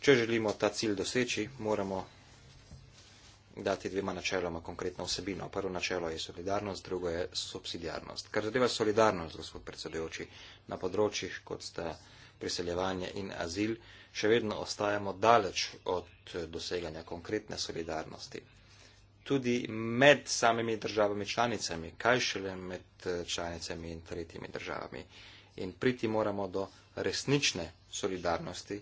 če želimo ta cilj doseči, moramo dati dvema načeloma konkretno vsebino. Prvo načelo je solidarnost, drugo je subsidiarnost. Kar zadeva solidarnost, gospod predsedujoči, na področjih, kot sta priseljevanje in azil, še vedno ostajamo daleč od doseganja konkretne solidarnosti. Tudi med samimi državami članicami, kaj šele med eh, članicami in tretjimi državami. In priti moramo do resnične solidarnosti,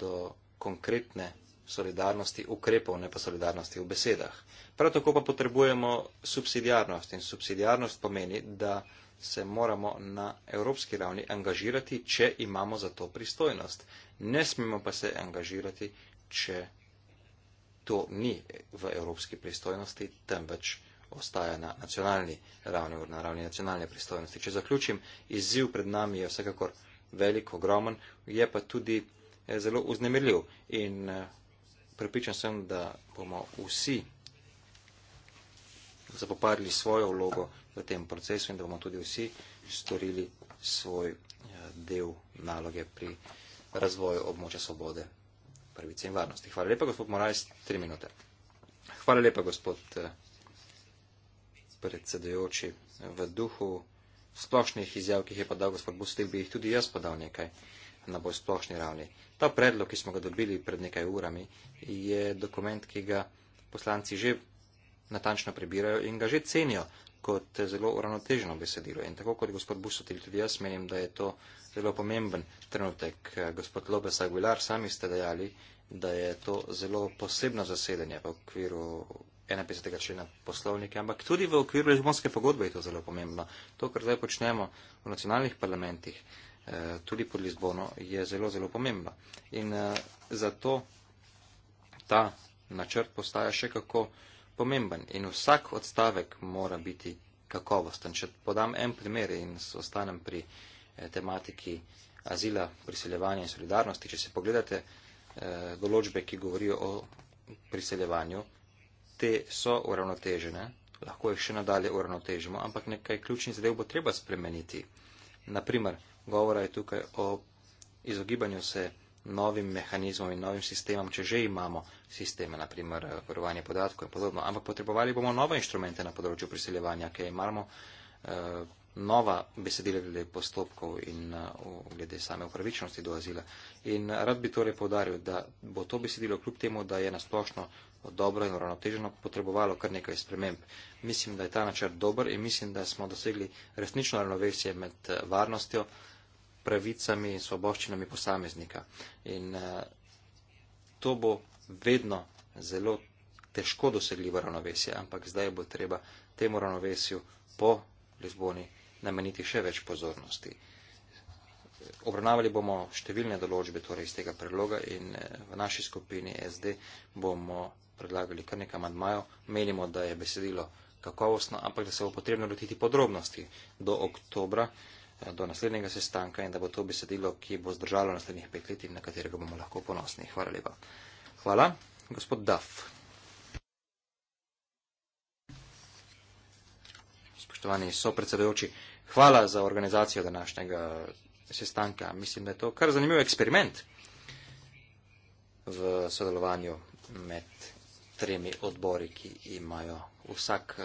do konkretne solidarnosti ukrepov, ne pa solidarnosti v besedah. Prav tako pa potrebujemo subsidijarnost in subsidijarnost pomeni, da se moramo na evropski ravni angažirati, če imamo za to pristojnost. Ne smemo pa se angažirati, če to ni v evropski pristojnosti, temveč ostaja na nacionalni ravni, na ravni nacionalne pristojnosti. Če zaključim, izziv pred nami je vsekakor velik, ogromen, je pa tudi eh, zelo uznemirljiv in eh, pripričan sem, da bomo vsi zapopadli svojo vlogo v tem procesu in da bomo tudi vsi storili svoj eh, del naloge pri razvoju območja svobode, pravice in varnosti. Hvala lepa, gospod Morales, tri minute. Hvala lepa, gospod eh, predsedujoči. V duhu splošnih izjav, ki jih je podal gospod Bustek, bi jih tudi jaz podal nekaj na bolj splošni ravni. Ta predlog, ki smo ga dobili pred nekaj urami, je dokument, ki ga poslanci že natančno prebirajo in ga že cenijo kot zelo uravnoteženo besedilo. In tako kot gospod Busotil, tudi jaz menim, da je to zelo pomemben trenutek. Gospod Lobes Aguilar, sami ste dejali, da je to zelo posebno zasedanje v okviru 51. člena poslovnika, ampak tudi v okviru Lizbonske pogodbe je to zelo pomembno. To, kar zdaj počnemo v nacionalnih parlamentih, eh, tudi pod Lizbono, je zelo, zelo pomembno. In eh, zato ta načrt postaja še kako pomemben in vsak odstavek mora biti kakovosten. Če podam en primer in ostanem pri eh, tematiki azila, priseljevanja in solidarnosti, če se pogledate eh, določbe, ki govorijo o priseljevanju, te so uravnotežene, lahko jih še nadalje uravnotežimo, ampak nekaj ključnih zadev bo treba spremeniti. Naprimer, govora je tukaj o izogibanju se novim mehanizmom in novim sistemom, če že imamo sisteme, naprimer eh, varovanje podatkov in podobno. Ampak potrebovali bomo nove inštrumente na področju priseljevanja, ker imamo eh, nova besedila glede postopkov in uh, glede same upravičnosti do azila. In rad bi torej povdaril, da bo to besedilo kljub temu, da je nasplošno dobro in uravnoteženo potrebovalo kar nekaj sprememb. Mislim, da je ta načrt dober in mislim, da smo dosegli resnično ravnovesje med eh, varnostjo, pravicami in svoboščinami posameznika. In uh, to bo vedno zelo težko dosegljivo ravnovesje, ampak zdaj bo treba temu ravnovesju po Lizboni nameniti še več pozornosti. Obravnavali bomo številne določbe torej, iz tega predloga in eh, v naši skupini SD bomo predlagali kar nekaj manjmajo. Menimo, da je besedilo kakovostno, ampak da se bo potrebno lotiti podrobnosti do oktobra. Eh, do naslednjega sestanka in da bo to besedilo, ki bo zdržalo naslednjih pet let in na katerega bomo lahko ponosni. Hvala lepa. Hvala. Gospod Duff. Spoštovani sopredsedujoči, hvala za organizacijo današnjega sestanka. Mislim, da je to kar zanimiv eksperiment v sodelovanju med tremi odbori, ki imajo vsak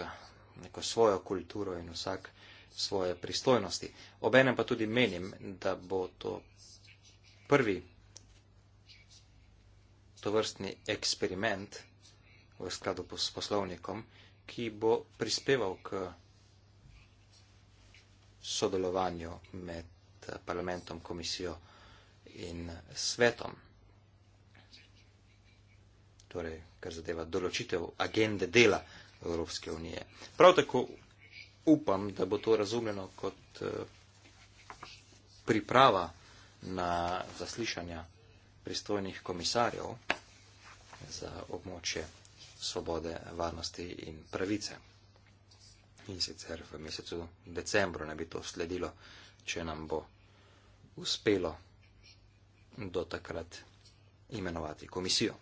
neko svojo kulturo in vsak svoje pristojnosti. Obenem pa tudi menim, da bo to prvi tovrstni eksperiment v skladu s poslovnikom, ki bo prispeval k sodelovanju med parlamentom, komisijo in svetom. Torej, kar zadeva določitev agende dela Evropske unije. Prav tako upam, da bo to razumljeno kot eh, priprava na zaslišanja pristojnih komisarjev za območje svobode, varnosti in pravice. In sicer v mesecu decembru ne bi to sledilo, če nam bo uspelo do takrat imenovati komisijo.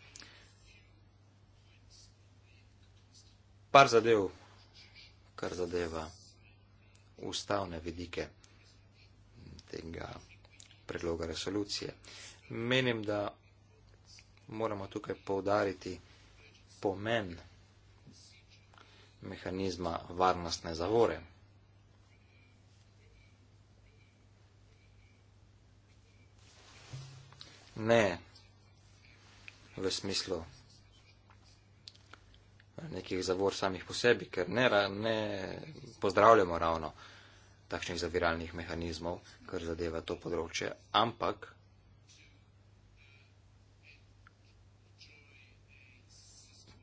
Par zadev kar zadeva ustavne vidike tega predloga resolucije. Menim, da moramo tukaj povdariti pomen mehanizma varnostne zavore. Ne v smislu nekih zavor samih po sebi, ker ne, ne pozdravljamo ravno takšnih zaviralnih mehanizmov, kar zadeva to področje, ampak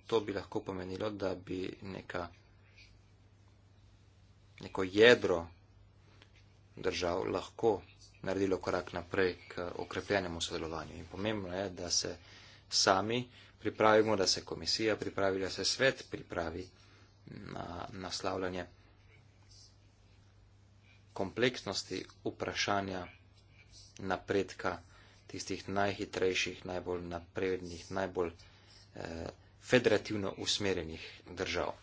to bi lahko pomenilo, da bi neka, neko jedro držav lahko naredilo korak naprej k okrepljenemu sodelovanju. In pomembno je, da se sami pripravimo, da se komisija pripravi, da se svet pripravi na naslavljanje kompleksnosti vprašanja napredka tistih najhitrejših, najbolj naprednih, najbolj eh, federativno usmerjenih držav.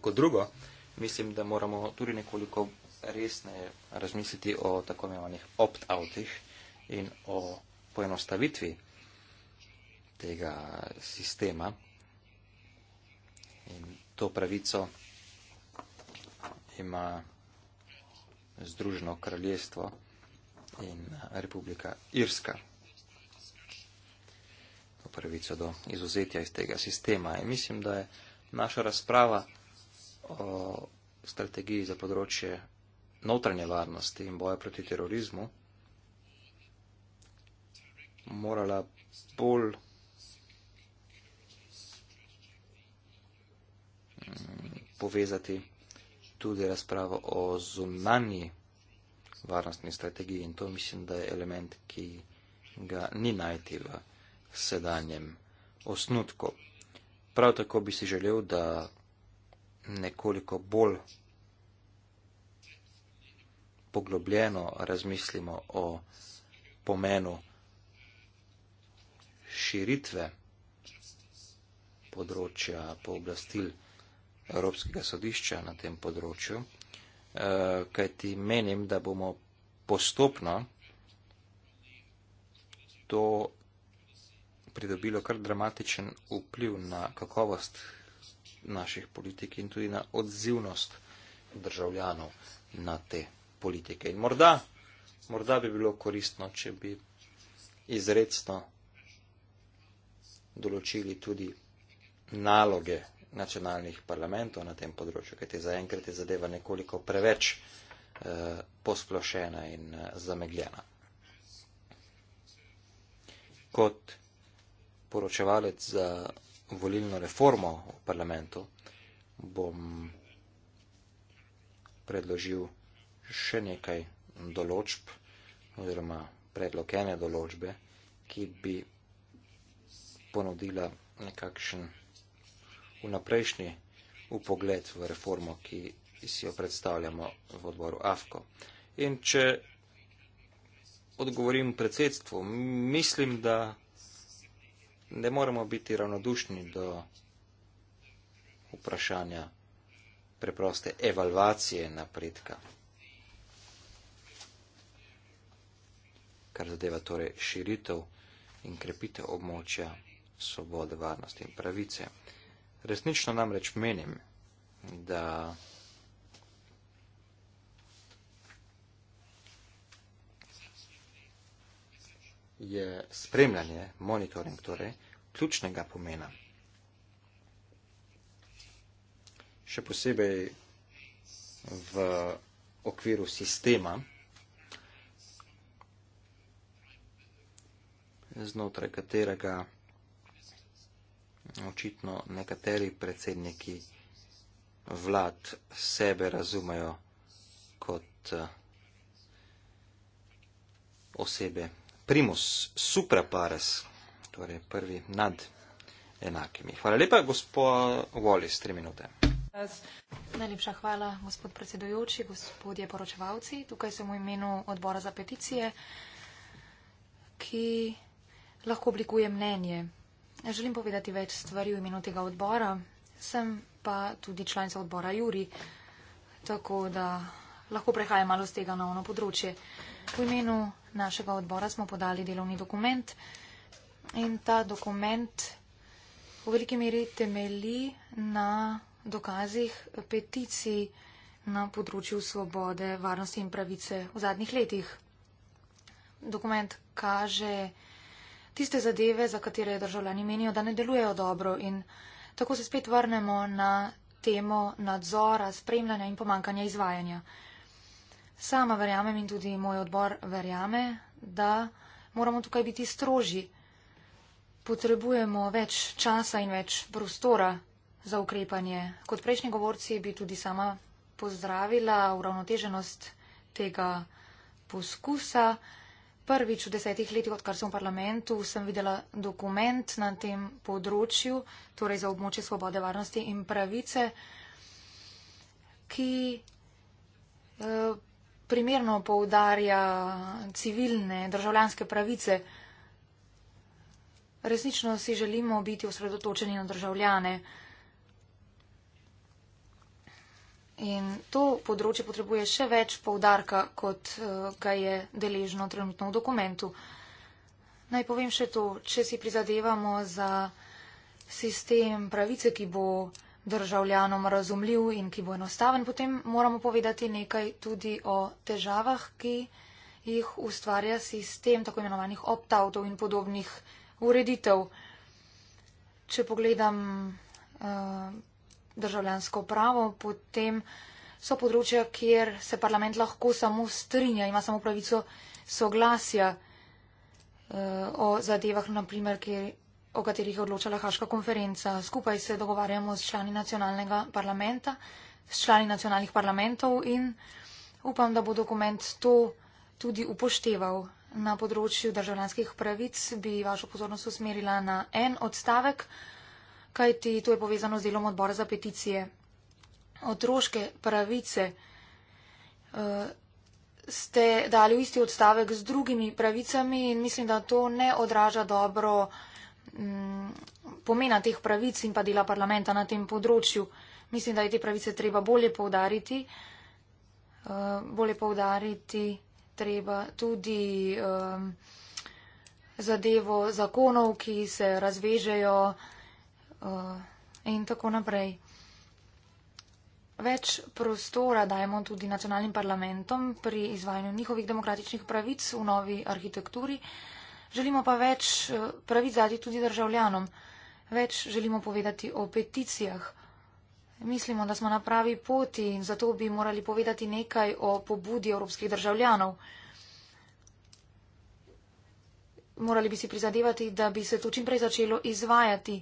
Kot drugo, mislim, da moramo tudi nekoliko resne razmisliti o tako imenovanih opt-outih in o poenostavitvi tega sistema in to pravico ima Združeno kraljestvo in Republika Irska. To pravico do izuzetja iz tega sistema. In mislim, da je naša razprava o strategiji za področje notranje varnosti in boja proti terorizmu morala bolj povezati tudi razpravo o zunanji varnostni strategiji in to mislim, da je element, ki ga ni najti v sedanjem osnutku. Prav tako bi si želel, da nekoliko bolj poglobljeno razmislimo o pomenu širitve področja pooblastil Evropskega sodišča na tem področju, eh, kajti menim, da bomo postopno to pridobilo kar dramatičen vpliv na kakovost naših politik in tudi na odzivnost državljanov na te politike. In morda, morda bi bilo koristno, če bi izredno določili tudi naloge nacionalnih parlamentov na tem področju, kajte zaenkrat je zadeva nekoliko preveč eh, posplošena in eh, zamegljena. Kot poročevalec za volilno reformo v parlamentu bom predložil še nekaj določb oziroma predlog ene določbe, ki bi ponudila nekakšen vnaprejšnji upogled v reformo, ki si jo predstavljamo v odboru AFKO. In če odgovorim predsedstvu, mislim, da ne moremo biti ravnodušni do vprašanja preproste evalvacije napredka. kar zadeva torej širitev in krepitev območja svobode, varnosti in pravice resnično namreč menim, da je spremljanje, monitoring torej, ključnega pomena. Še posebej v okviru sistema, znotraj katerega očitno nekateri predsedniki vlad sebe razumejo kot eh, osebe primus suprapares, torej prvi nad enakimi. Hvala lepa, gospod Wallis, tri minute. Najlepša hvala, gospod predsedujoči, gospodje poročevalci. Tukaj sem v imenu odbora za peticije, ki lahko oblikuje mnenje Želim povedati več stvari v imenu tega odbora. Sem pa tudi članica odbora Juri, tako da lahko prehajam malo z tega na ono področje. V imenu našega odbora smo podali delovni dokument in ta dokument v veliki meri temeli na dokazih peticij na področju svobode, varnosti in pravice v zadnjih letih. Dokument kaže, da tiste zadeve, za katere državljani menijo, da ne delujejo dobro. In tako se spet vrnemo na temo nadzora, spremljanja in pomankanja izvajanja. Sama verjamem in tudi moj odbor verjame, da moramo tukaj biti stroži. Potrebujemo več časa in več prostora za ukrepanje. Kot prejšnji govorci bi tudi sama pozdravila uravnoteženost tega poskusa prvič v desetih letih, odkar sem v parlamentu, sem videla dokument na tem področju, torej za območje svobode, varnosti in pravice, ki eh, primerno poudarja civilne državljanske pravice. Resnično si želimo biti osredotočeni na državljane. In to področje potrebuje še več povdarka, kot eh, ga je deležno trenutno v dokumentu. Naj povem še to, če si prizadevamo za sistem pravice, ki bo državljanom razumljiv in ki bo enostaven, potem moramo povedati nekaj tudi o težavah, ki jih ustvarja sistem tako imenovanih opt-outov in podobnih ureditev. Če pogledam. Uh, državljansko pravo, potem so področja, kjer se parlament lahko samo strinja, ima samo pravico soglasja eh, o zadevah, naprimer, kjer, o katerih je odločala Haška konferenca. Skupaj se dogovarjamo s člani nacionalnega parlamenta, s člani nacionalnih parlamentov in upam, da bo dokument to tudi upošteval. Na področju državljanskih pravic bi vašo pozornost usmerila na en odstavek kajti to je povezano z delom odbora za peticije. Otroške pravice uh, ste dali v isti odstavek z drugimi pravicami in mislim, da to ne odraža dobro um, pomena teh pravic in pa dela parlamenta na tem področju. Mislim, da je te pravice treba bolje povdariti. Uh, eh, bolje povdariti treba tudi um, zadevo zakonov, ki se razvežejo. Eh, in tako naprej. Več prostora dajemo tudi nacionalnim parlamentom pri izvajanju njihovih demokratičnih pravic v novi arhitekturi. Želimo pa več eh, pravic dati tudi državljanom. Več želimo povedati o peticijah. Mislimo, da smo na pravi poti in zato bi morali povedati nekaj o pobudi evropskih državljanov. Morali bi si prizadevati, da bi se to čim prej začelo izvajati.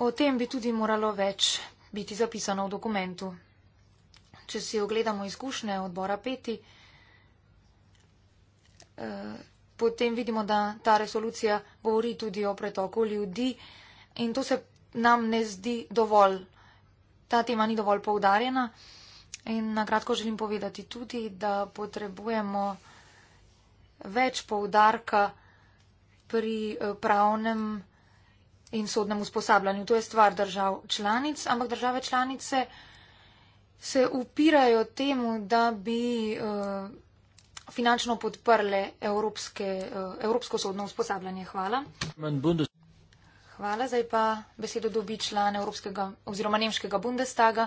O tem bi tudi moralo več biti zapisano v dokumentu. Če si ogledamo izkušnje odbora peti, eh, potem vidimo, da ta resolucija govori tudi o pretoku ljudi in to se nam ne zdi dovolj. Ta tema ni dovolj poudarjena in na kratko želim povedati tudi, da potrebujemo več poudarka pri eh, pravnem in sodnem usposabljanju. To je stvar držav članic, ampak države članice se upirajo temu, da bi uh, finančno podprle evropske, uh, evropsko sodno usposabljanje. Hvala. Hvala. Zdaj pa besedo dobi član Evropskega oziroma Nemškega Bundestaga.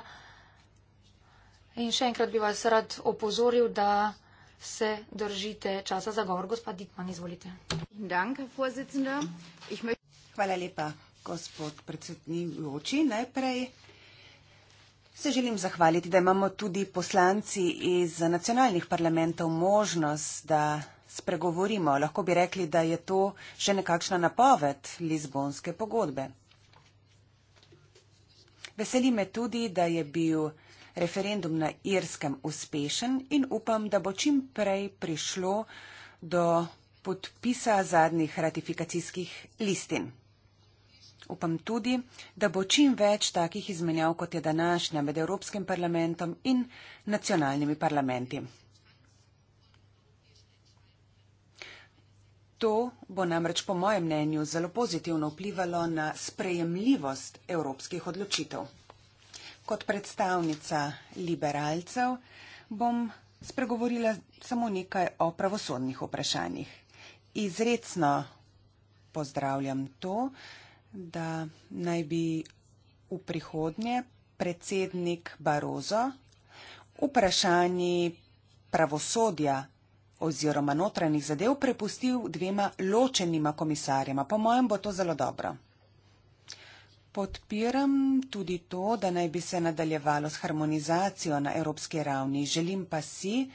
In še enkrat bi vas rad opozoril, da se držite časa za govor. Gospod Dikman, izvolite. Danke, Hvala lepa, gospod predsednjoči. Najprej se želim zahvaliti, da imamo tudi poslanci iz nacionalnih parlamentov možnost, da spregovorimo. Lahko bi rekli, da je to še nekakšna napoved Lizbonske pogodbe. Veseli me tudi, da je bil referendum na Irskem uspešen in upam, da bo čim prej prišlo do podpisa zadnjih ratifikacijskih listin. Upam tudi, da bo čim več takih izmenjav, kot je današnja, med Evropskim parlamentom in nacionalnimi parlamenti. To bo namreč po mojem mnenju zelo pozitivno vplivalo na sprejemljivost evropskih odločitev. Kot predstavnica liberalcev bom spregovorila samo nekaj o pravosodnih vprašanjih. Izredno pozdravljam to, da naj bi v prihodnje predsednik Barozo vprašanji pravosodja oziroma notranjih zadev prepustil dvema ločenima komisarjema. Po mojem bo to zelo dobro. Podpiram tudi to, da naj bi se nadaljevalo s harmonizacijo na evropski ravni. Želim pa si,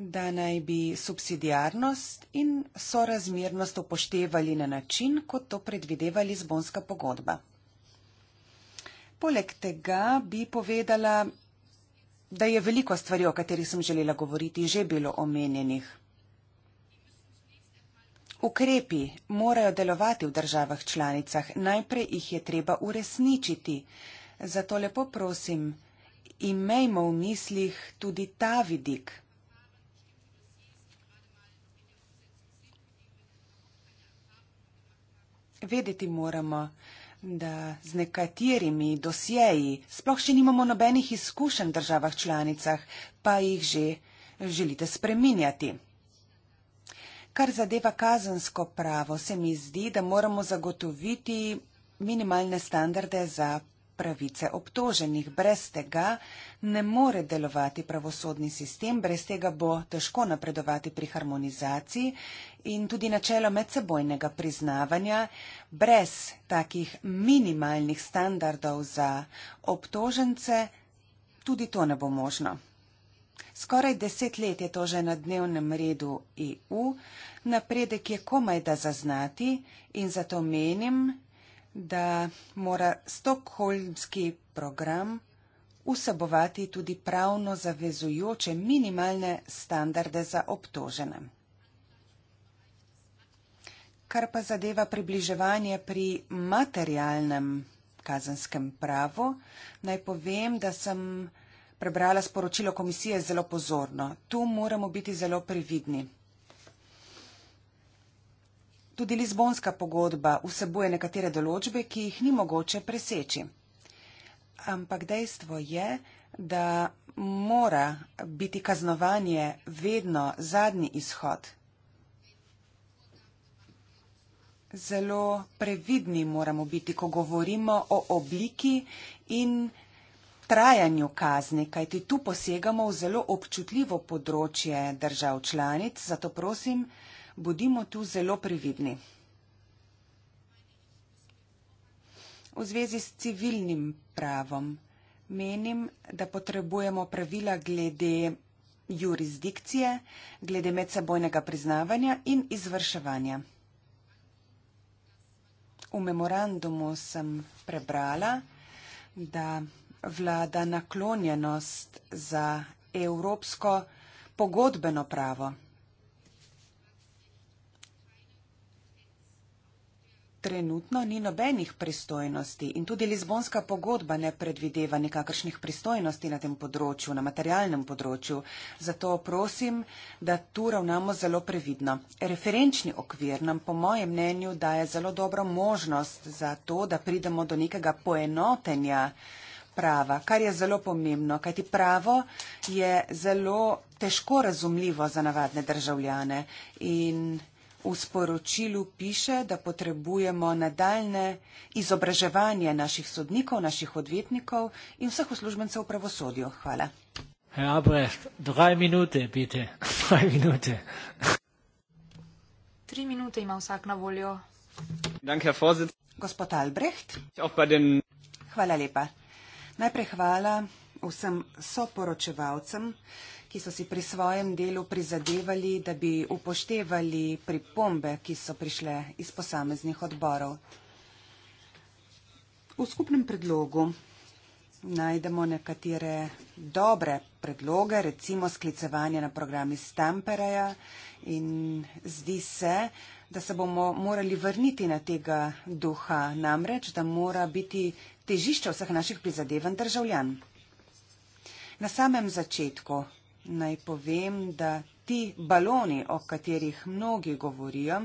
da naj bi subsidijarnost in sorazmernost upoštevali na način, kot to predvideva Lizbonska pogodba. Poleg tega bi povedala, da je veliko stvari, o katerih sem želela govoriti, že bilo omenjenih. Ukrepi morajo delovati v državah članicah, najprej jih je treba uresničiti. Zato lepo prosim, imejmo v mislih tudi ta vidik. Vedeti moramo, da z nekaterimi dosjeji sploh še nimamo nobenih izkušenj v državah članicah, pa jih že želite spreminjati. Kar zadeva kazensko pravo, se mi zdi, da moramo zagotoviti minimalne standarde za pravice obtoženih. Brez tega ne more delovati pravosodni sistem, brez tega bo težko napredovati pri harmonizaciji in tudi načelo medsebojnega priznavanja. Brez takih minimalnih standardov za obtožence tudi to ne bo možno. Skoraj deset let je to že na dnevnem redu EU, napredek je komaj da zaznati in zato menim, da mora stokholmski program vsebovati tudi pravno zavezujoče minimalne standarde za obtožene. Kar pa zadeva približevanje pri materialnem kazenskem pravu, naj povem, da sem prebrala sporočilo komisije zelo pozorno. Tu moramo biti zelo previdni. Tudi Lizbonska pogodba vsebuje nekatere določbe, ki jih ni mogoče preseči. Ampak dejstvo je, da mora biti kaznovanje vedno zadnji izhod. Zelo previdni moramo biti, ko govorimo o obliki in trajanju kazni, kajti tu posegamo v zelo občutljivo področje držav članic, zato prosim, bodimo tu zelo previdni. V zvezi s civilnim pravom menim, da potrebujemo pravila glede jurisdikcije, glede medsebojnega priznavanja in izvrševanja. V memorandumu sem prebrala, da vlada naklonjenost za evropsko pogodbeno pravo. trenutno ni nobenih pristojnosti in tudi Lizbonska pogodba ne predvideva nekakršnih pristojnosti na tem področju, na materialnem področju. Zato prosim, da tu ravnamo zelo previdno. Referenčni okvir nam po mojem mnenju daje zelo dobro možnost za to, da pridemo do nekega poenotenja prava, kar je zelo pomembno, kajti pravo je zelo težko razumljivo za navadne državljane. In V sporočilu piše, da potrebujemo nadaljne izobraževanje naših sodnikov, naših odvetnikov in vseh uslužbencev v pravosodju. Hvala. Ja, brecht, dve minute, pite, dve minute. Tri minute ima vsak na voljo. Dank, Gospod Albrecht. Den... Hvala lepa. Najprej hvala vsem soporočevalcem ki so si pri svojem delu prizadevali, da bi upoštevali pripombe, ki so prišle iz posameznih odborov. V skupnem predlogu najdemo nekatere dobre predloge, recimo sklicevanje na programi Stampereja in zdi se, da se bomo morali vrniti na tega duha, namreč, da mora biti težišče vseh naših prizadevanj državljan. Na samem začetku naj povem, da ti baloni, o katerih mnogi govorijo,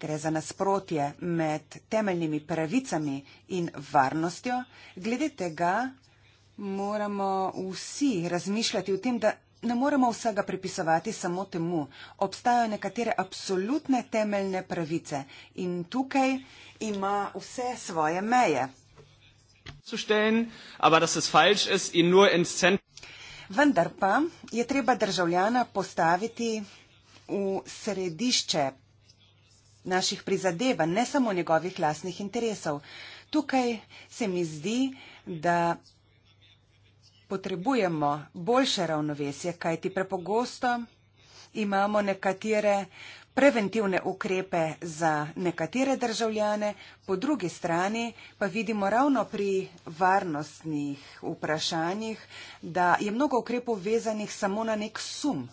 gre za nasprotje med temeljnimi pravicami in varnostjo. Glede tega moramo vsi razmišljati o tem, da ne moramo vsega pripisovati samo temu. Obstajajo nekatere absolutne temeljne pravice in tukaj ima vse svoje meje. Vendar pa je treba državljana postaviti v središče naših prizadevanj, ne samo njegovih lasnih interesov. Tukaj se mi zdi, da potrebujemo boljše ravnovesje, kajti prepogosto imamo nekatere preventivne ukrepe za nekatere državljane, po drugi strani pa vidimo ravno pri varnostnih vprašanjih, da je mnogo ukrepov vezanih samo na nek sum.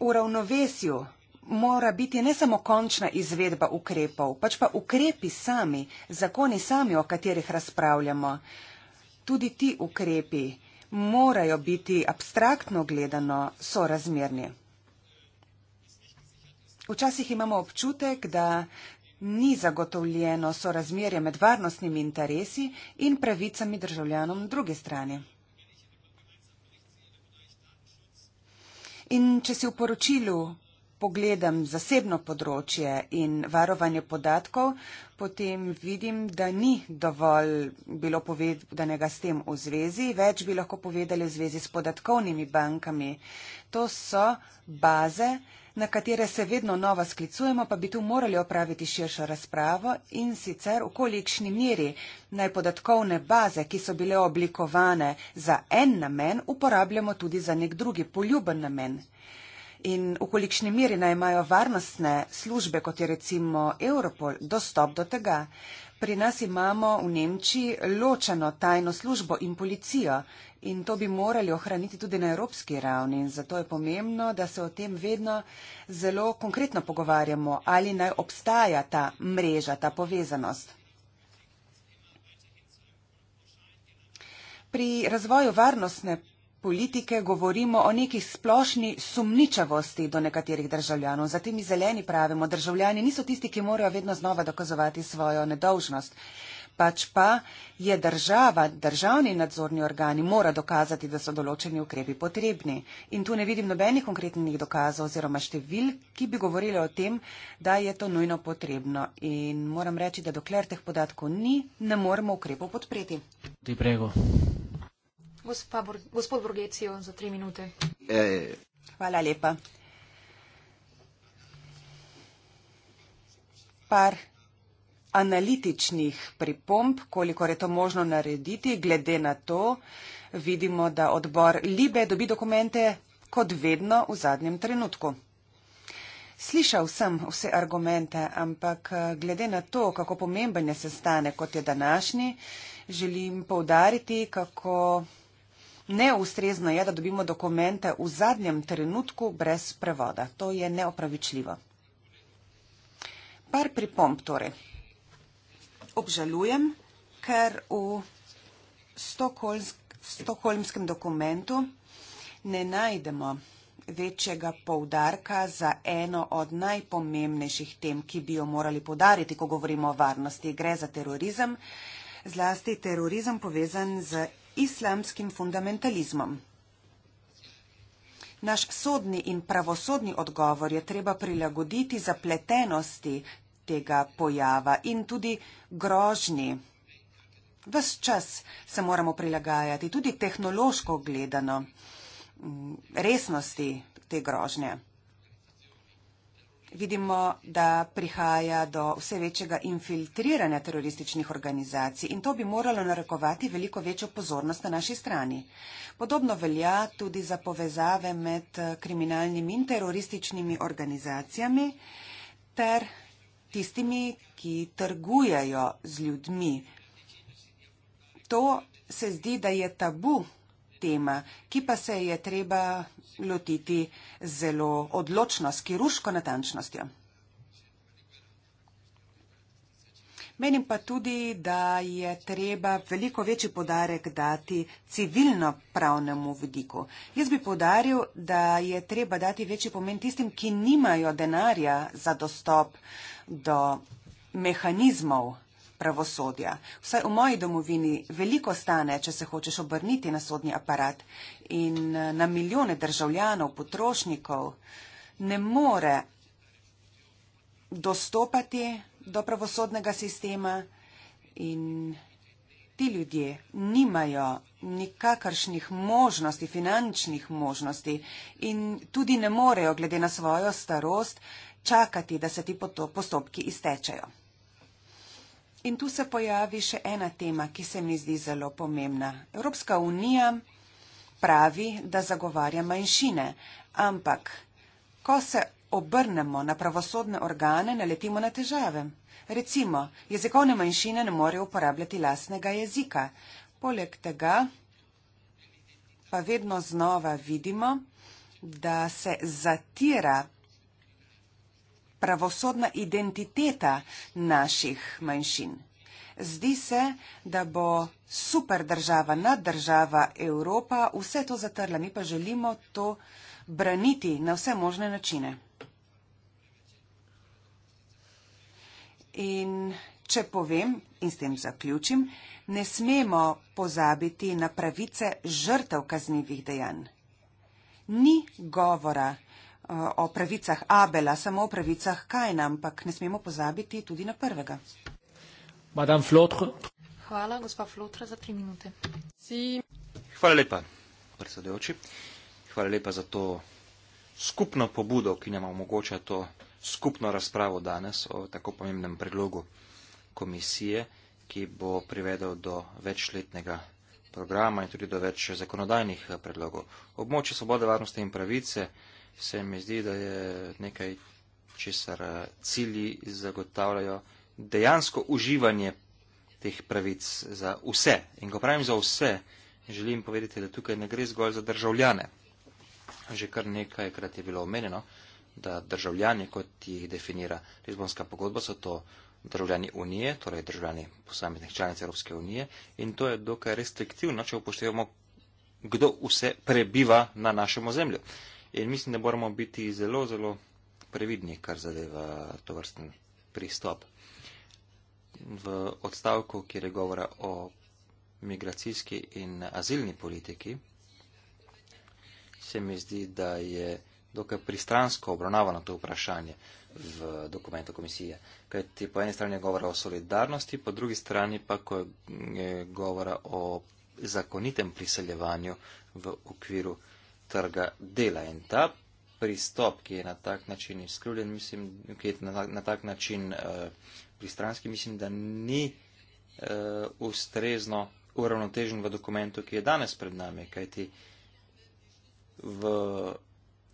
V ravnovesju mora biti ne samo končna izvedba ukrepov, pač pa ukrepi sami, zakoni sami, o katerih razpravljamo. Tudi ti ukrepi morajo biti abstraktno gledano sorazmerni. Včasih imamo občutek, da ni zagotovljeno sorazmerje med varnostnimi interesi in pravicami državljanom druge strani. In če si v poročilu pogledam zasebno področje in varovanje podatkov, potem vidim, da ni dovolj bilo povedanega s tem v zvezi, več bi lahko povedali v zvezi s podatkovnimi bankami. To so baze, na katere se vedno nova sklicujemo, pa bi tu morali opraviti širšo razpravo in sicer v kolikšni meri naj podatkovne baze, ki so bile oblikovane za en namen, uporabljamo tudi za nek drugi poljuben namen in v kolikšni meri naj imajo varnostne službe, kot je recimo Europol, dostop do tega. Pri nas imamo v Nemčiji ločeno tajno službo in policijo in to bi morali ohraniti tudi na evropski ravni. In zato je pomembno, da se o tem vedno zelo konkretno pogovarjamo, ali naj obstaja ta mreža, ta povezanost. Pri razvoju varnostne politike govorimo o neki splošni sumničavosti do nekaterih državljanov. Za temi zeleni pravimo, državljani niso tisti, ki morajo vedno znova dokazovati svojo nedolžnost. Pač pa je država, državni nadzorni organi mora dokazati, da so določeni ukrepi potrebni. In tu ne vidim nobenih konkretnih dokazov oziroma števil, ki bi govorili o tem, da je to nujno potrebno. In moram reči, da dokler teh podatkov ni, ne moremo ukrepov podpreti. Ti prego. Gospod Borgecijo za tri minute. E. Hvala lepa. Par analitičnih pripomb, koliko je to možno narediti, glede na to vidimo, da odbor Libe dobi dokumente kot vedno v zadnjem trenutku. Slišal sem vse argumente, ampak eh, glede na to, kako pomemben je sestane, kot je današnji, želim povdariti, kako Neustrezno je, da dobimo dokumente v zadnjem trenutku brez prevoda. To je neopravičljivo. Par pripomp torej. Obžalujem, ker v stokholmskem dokumentu ne najdemo večjega poudarka za eno od najpomembnejših tem, ki bi jo morali poudariti, ko govorimo o varnosti. Gre za terorizem, zlasti terorizem povezan z islamskim fundamentalizmom. Naš sodni in pravosodni odgovor je treba prilagoditi zapletenosti tega pojava in tudi grožnji. Ves čas se moramo prilagajati, tudi tehnološko gledano, mm, resnosti te grožnje vidimo, da prihaja do vse večjega infiltriranja terorističnih organizacij in to bi moralo narekovati veliko večjo pozornost na naši strani. Podobno velja tudi za povezave med eh, kriminalnimi in terorističnimi organizacijami ter tistimi, ki trgujejo z ljudmi. To se zdi, da je tabu tema, ki pa se je treba lotiti zelo odločno, s kiruško natančnostjo. Menim pa tudi, da je treba veliko večji podarek dati civilno pravnemu vidiku. Jaz bi podaril, da je treba dati večji pomen tistim, ki nimajo denarja za dostop do mehanizmov pravosodja. Vsaj v moji domovini veliko stane, če se hočeš obrniti na sodni aparat in eh, na milijone državljanov, potrošnikov ne more dostopati do pravosodnega sistema in ti ljudje nimajo nikakršnih možnosti, finančnih možnosti in tudi ne morejo, glede na svojo starost, čakati, da se ti postopki iztečejo. In tu se pojavi še ena tema, ki se mi zdi zelo pomembna. Evropska unija pravi, da zagovarja manjšine, ampak ko se obrnemo na pravosodne organe, naletimo na težave. Recimo, jezikovne manjšine ne morejo uporabljati lastnega jezika. Poleg tega pa vedno znova vidimo, da se zatira pravosodna identiteta naših manjšin. Zdi se, da bo super država, naddržava Evropa vse to zatrla. Mi pa želimo to braniti na vse možne načine. In če povem, in s tem zaključim, ne smemo pozabiti na pravice žrtev kaznjivih dejanj. Ni govora, Eh, o pravicah Abela, samo o pravicah Kajna, ampak ne smemo pozabiti tudi na prvega. Hvala, gospa Flotra, za tri minute. Si. Hvala lepa, predsedujoči. Hvala lepa za to skupno pobudo, ki nam omogoča to skupno razpravo danes o tako pomembnem predlogu komisije, ki bo privedel do večletnega programa in tudi do več zakonodajnih predlogov. Območje svobode, varnosti in pravice se mi zdi, da je nekaj, česar eh, cilji zagotavljajo dejansko uživanje teh pravic za vse. In ko pravim za vse, želim povedati, da tukaj ne gre zgolj za državljane. Že kar nekajkrat je bilo omenjeno, da državljani, kot jih definira Lizbonska pogodba, so to državljani Unije, torej državljani posameznih članic Evropske unije in to je dokaj restriktivno, če upoštevamo, kdo vse prebiva na našem ozemlju. Uh, In mislim, da moramo biti zelo, zelo previdni, kar zadeva to vrsten pristop. V odstavku, kjer je govora o migracijski in azilni politiki, se mi zdi, da je dokaj pristransko obravnavano to vprašanje v dokumentu komisije. Kaj ti po eni strani je govora o solidarnosti, po drugi strani pa, ko je govora o zakonitem priseljevanju v okviru trga dela in ta pristop, ki je na tak način izkrivljen, mislim, ki je na, na tak način uh, pristranski, mislim, da ni uh, ustrezno uravnotežen v dokumentu, ki je danes pred nami, kajti v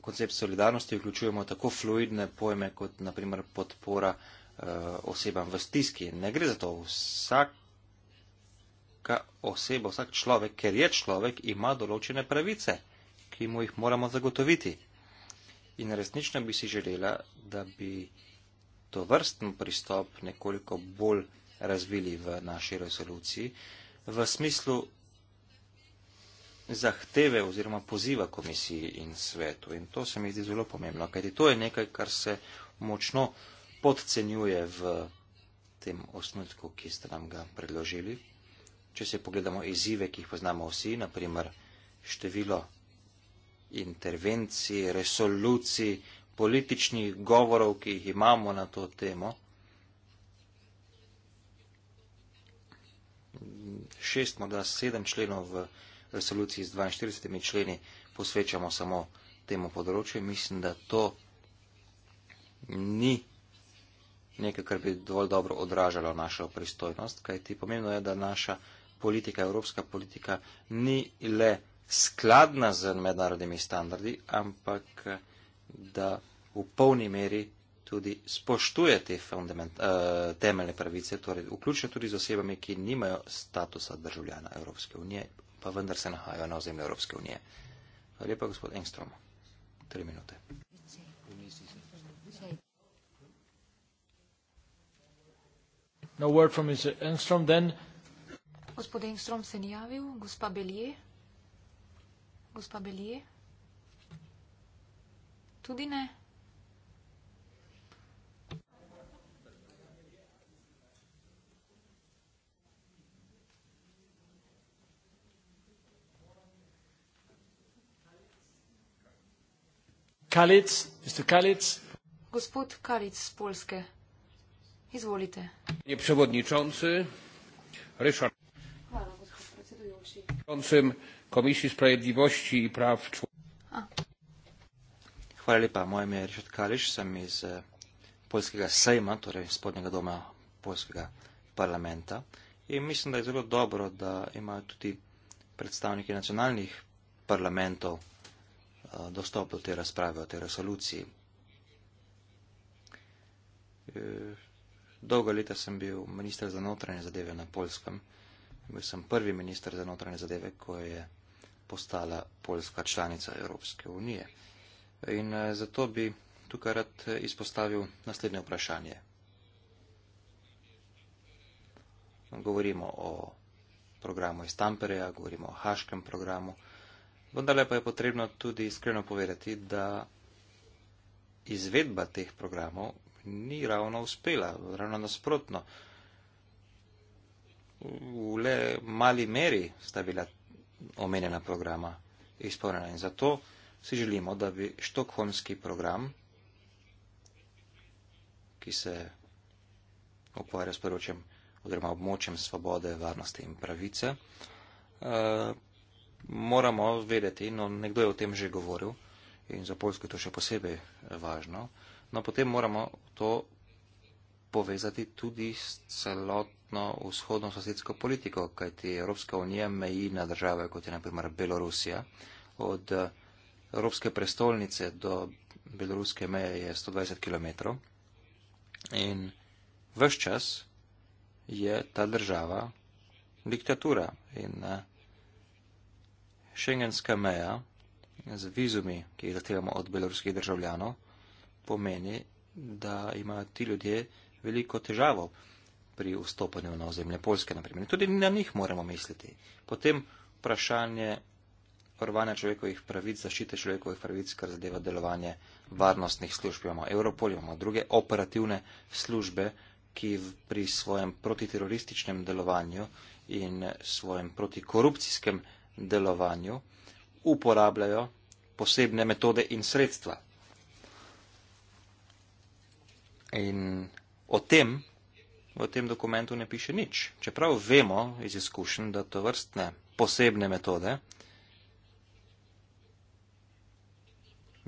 koncept solidarnosti vključujemo tako fluidne pojme, kot naprimer podpora uh, osebam v stiski. Ne gre za to. Vsak Oseba, vsak človek, ker je človek, ima določene pravice. Uh, ki mu jih moramo zagotoviti. In resnično bi si želela, da bi to vrsten pristop nekoliko bolj razvili v naši resoluciji, v smislu zahteve oziroma poziva komisiji in svetu. In to se mi zdi zelo pomembno, kajti to je nekaj, kar se močno podcenjuje v tem osnutku, ki ste nam ga predložili. Če se pogledamo izzive, ki jih poznamo vsi, naprimer število intervencij, resolucij, političnih govorov, ki jih imamo na to temo. 6, morda 7 členov v resoluciji z 42 členi posvečamo samo temu področju. Mislim, da to ni nekaj, kar bi dovolj dobro odražalo našo pristojnost, kajti pomembno je, da naša politika, evropska politika, ni le skladna z mednarodnimi standardi, ampak da v polni meri tudi spoštuje te eh, temeljne pravice, torej vključno tudi z osebami, ki nimajo statusa državljana Evropske unije, pa vendar se nahajajo na ozemlju Evropske unije. Hvala lepa, gospod Engstrom. Tri minute. No word from Mr. Engstrom, then. Gospod Engstrom se ni javil, gospa Belje. Gospa Belije? Tudi ne. Kalic, mister Kalic. Gospod Kalic z Polske, izvolite. Je przewodniczący Ryszard. Hvala, gospod predsedujoči. Komisji Sprawiedliwości i Praw Człowieka. Hvala lepa. Moje ime je Richard Kališ, sem iz e, Poljskega sejma, torej spodnjega doma Poljskega parlamenta. In mislim, da je zelo dobro, da imajo tudi predstavniki nacionalnih parlamentov e, dostop do te razprave o tej resoluciji. E, dolga leta sem bil minister za notranje zadeve na Poljskem. Bil sem prvi minister za notranje zadeve, ko je postala Poljska članica Evropske unije. In eh, zato bi tukaj rad eh, izpostavil naslednje vprašanje. Govorimo o programu iz Tampereja, govorimo o haškem programu, vendar pa je potrebno tudi iskreno povedati, da izvedba teh programov ni ravno uspela, ravno nasprotno. V le mali meri sta bila omenjena programa izpolnjena. In zato si želimo, da bi štokholmski program, ki se ukvarja s področjem oziroma območjem svobode, varnosti in pravice, eh, moramo vedeti, no nekdo je o tem že govoril in za Poljsko je to še posebej eh, važno, no potem moramo to povezati tudi s celotno vzhodno sosedsko politiko, kajti Evropska unija meji na države, kot je naprimer Belorusija. Od eh, Evropske prestolnice do beloruske meje je 120 km in vse čas je ta država diktatura in eh, šengenska meja z vizumi, ki jih zahtevamo od beloruskih državljanov, pomeni, da imajo ti ljudje veliko težavo pri vstopanju na ozemlje Poljske, naprimer. Tudi na njih moramo misliti. Potem vprašanje varovanja človekovih pravic, zaščite človekovih pravic, kar zadeva delovanje varnostnih služb. Imamo Europol, imamo druge operativne službe, ki pri svojem protiterorističnem delovanju in svojem protikorupcijskem delovanju uporabljajo posebne metode in sredstva. In o tem v tem dokumentu ne piše nič. Čeprav vemo iz izkušenj, da to vrstne posebne metode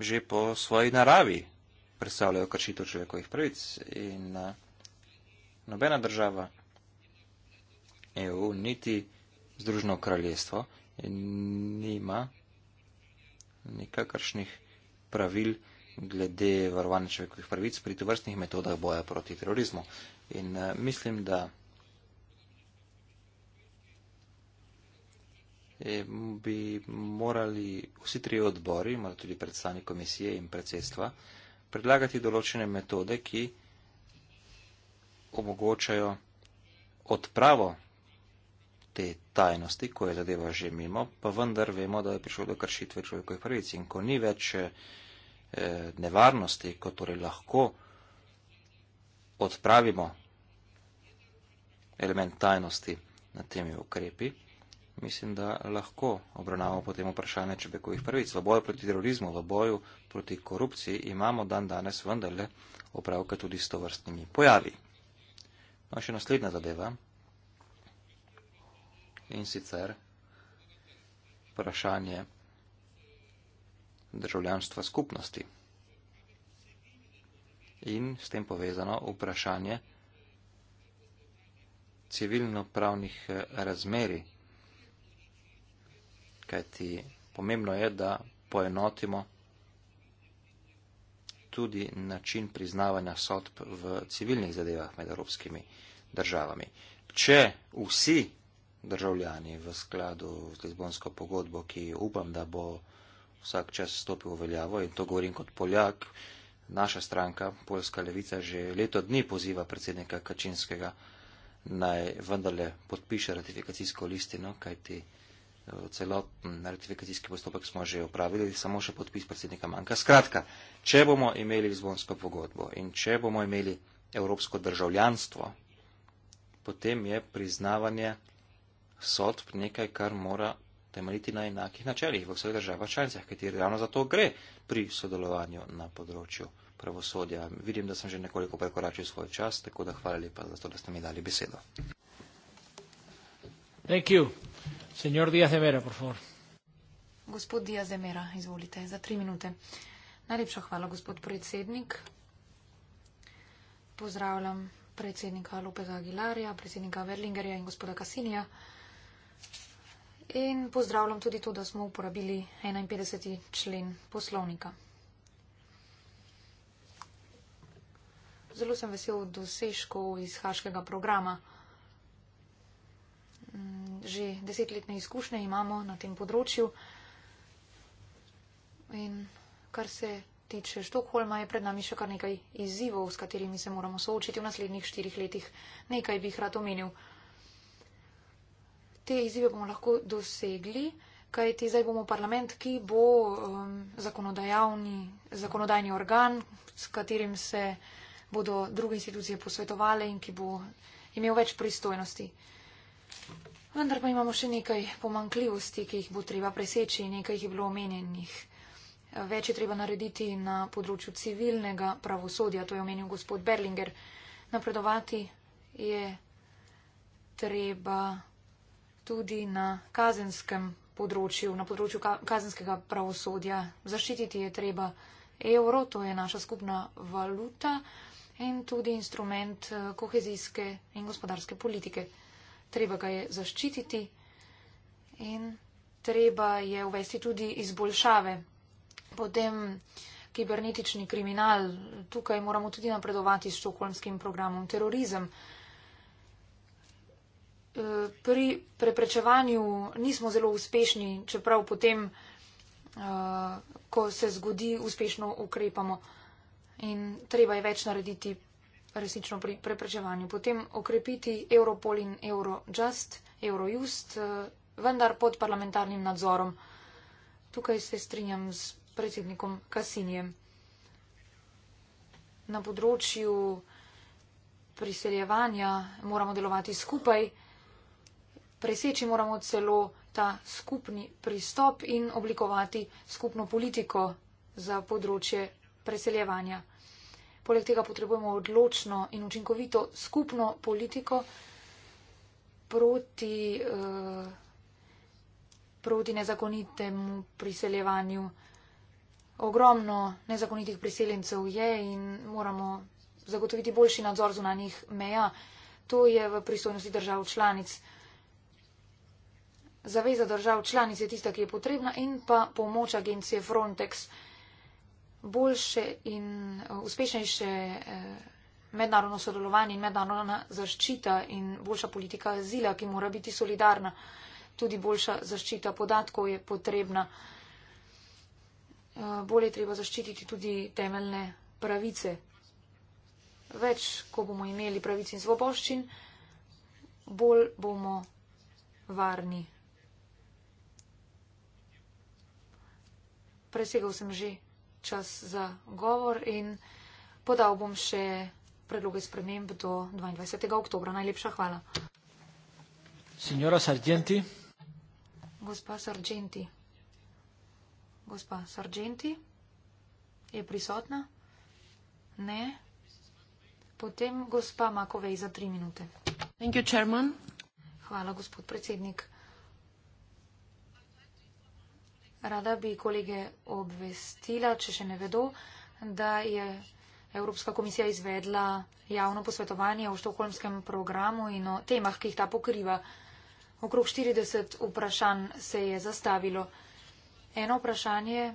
že po svoji naravi predstavljajo kršitev človekovih pravic in eh, nobena država EU niti Združeno kraljestvo nima nikakršnih pravil glede varovanja človekovih pravic pri tovrstnih metodah boja proti terorizmu. In eh, mislim, da bi morali vsi tri odbori, morda tudi predstavnik komisije in predsedstva, predlagati določene metode, ki omogočajo odpravo te tajnosti, ko je zadeva že mimo, pa vendar vemo, da je prišlo do kršitve človekovih pravic. In ko ni več eh, Eh, nevarnosti, ko torej lahko odpravimo element tajnosti nad temi ukrepi, mislim, da lahko obravnavamo potem vprašanje čebekovih prvic. V boju proti terorizmu, v boju proti korupciji imamo dan danes vendarle opravka tudi s tovrstnimi pojavi. No, še naslednja zadeva in sicer vprašanje državljanstva skupnosti. In s tem povezano vprašanje civilno-pravnih eh, razmeri, kajti pomembno je, da poenotimo tudi način priznavanja sodb v civilnih zadevah med evropskimi državami. Če vsi državljani v skladu z Lizbonsko pogodbo, ki upam, da bo vsak čas stopil v veljavo in to govorim kot Poljak. Naša stranka, Poljska levica, že leto dni poziva predsednika Kačinskega naj vendarle podpiše ratifikacijsko listino, kajti eh, celoten ratifikacijski postopek smo že opravili, samo še podpis predsednika manjka. Skratka, če bomo imeli Lizbonsko pogodbo in če bomo imeli evropsko državljanstvo, potem je priznavanje sodb nekaj, kar mora temeljiti na enakih načelih v vseh državah članicah, kateri ravno zato gre pri sodelovanju na področju pravosodja. Vidim, da sem že nekoliko prekoračil svoj čas, tako da hvala lepa za to, da ste mi dali besedo. Thank you. Senor Diaz de Mera, por favor. Gospod Diaz de Mera, izvolite, za tri minute. Najlepša hvala, gospod predsednik. Pozdravljam predsednika Lopeza Aguilarja, predsednika Verlingerja in gospoda Kasinija in pozdravljam tudi to, da smo uporabili 51. člen poslovnika. Zelo sem vesel dosežkov iz haškega programa. Že desetletne izkušnje imamo na tem področju. In kar se tiče Štokholma, je pred nami še kar nekaj izzivov, s katerimi se moramo soočiti v naslednjih štirih letih. Nekaj bi jih rad omenil te izzive bomo lahko dosegli, kajti zdaj bomo parlament, ki bo um, zakonodajni, zakonodajni organ, s katerim se bodo druge institucije posvetovale in ki bo imel več pristojnosti. Vendar pa imamo še nekaj pomankljivosti, ki jih bo treba preseči, nekaj jih je bilo omenjenih. Več je treba narediti na področju civilnega pravosodja, to je omenil gospod Berlinger. Napredovati je treba tudi na kazenskem področju, na področju kazenskega pravosodja. Zaščititi je treba evro, to je naša skupna valuta in tudi instrument eh, kohezijske in gospodarske politike. Treba ga je zaščititi in treba je uvesti tudi izboljšave. Potem kibernetični kriminal, tukaj moramo tudi napredovati s čokolmskim programom terorizem. Eh, pri preprečevanju nismo zelo uspešni, čeprav potem, eh, ko se zgodi, uspešno ukrepamo. In treba je več narediti resnično pri preprečevanju. Potem okrepiti Europol in Eurojust, Eurojust, eh, vendar pod parlamentarnim nadzorom. Tukaj se strinjam s predsednikom Kasinjem. Na področju priseljevanja moramo delovati skupaj preseči moramo celo ta skupni pristop in oblikovati skupno politiko za področje preseljevanja. Poleg tega potrebujemo odločno in učinkovito skupno politiko proti, eh, proti nezakonitemu priseljevanju. Ogromno nezakonitih priseljencev je in moramo zagotoviti boljši nadzor zunanjih meja. To je v pristojnosti držav članic zaveza držav članic je tista, ki je potrebna in pa pomoč agencije Frontex. Boljše in eh, uspešnejše eh, mednarodno sodelovanje in mednarodna zaščita in boljša politika azila, ki mora biti solidarna, tudi boljša zaščita podatkov je potrebna. Eh, bolje je treba zaščititi tudi temeljne pravice. Več, ko bomo imeli pravici in svoboščin, bolj bomo varni. presegal sem že čas za govor in podal bom še predloge sprememb do 22. oktobra. Najlepša hvala. Signora Sargenti. Gospa Sargenti. Gospa Sargenti. Je prisotna? Ne. Potem gospa Makovej za tri minute. Thank you, Chairman. Hvala, gospod predsednik. Rada bi kolege obvestila, če še ne vedo, da je Evropska komisija izvedla javno posvetovanje o štokholmskem programu in o temah, ki jih ta pokriva. Okrog 40 vprašanj se je zastavilo. Eno vprašanje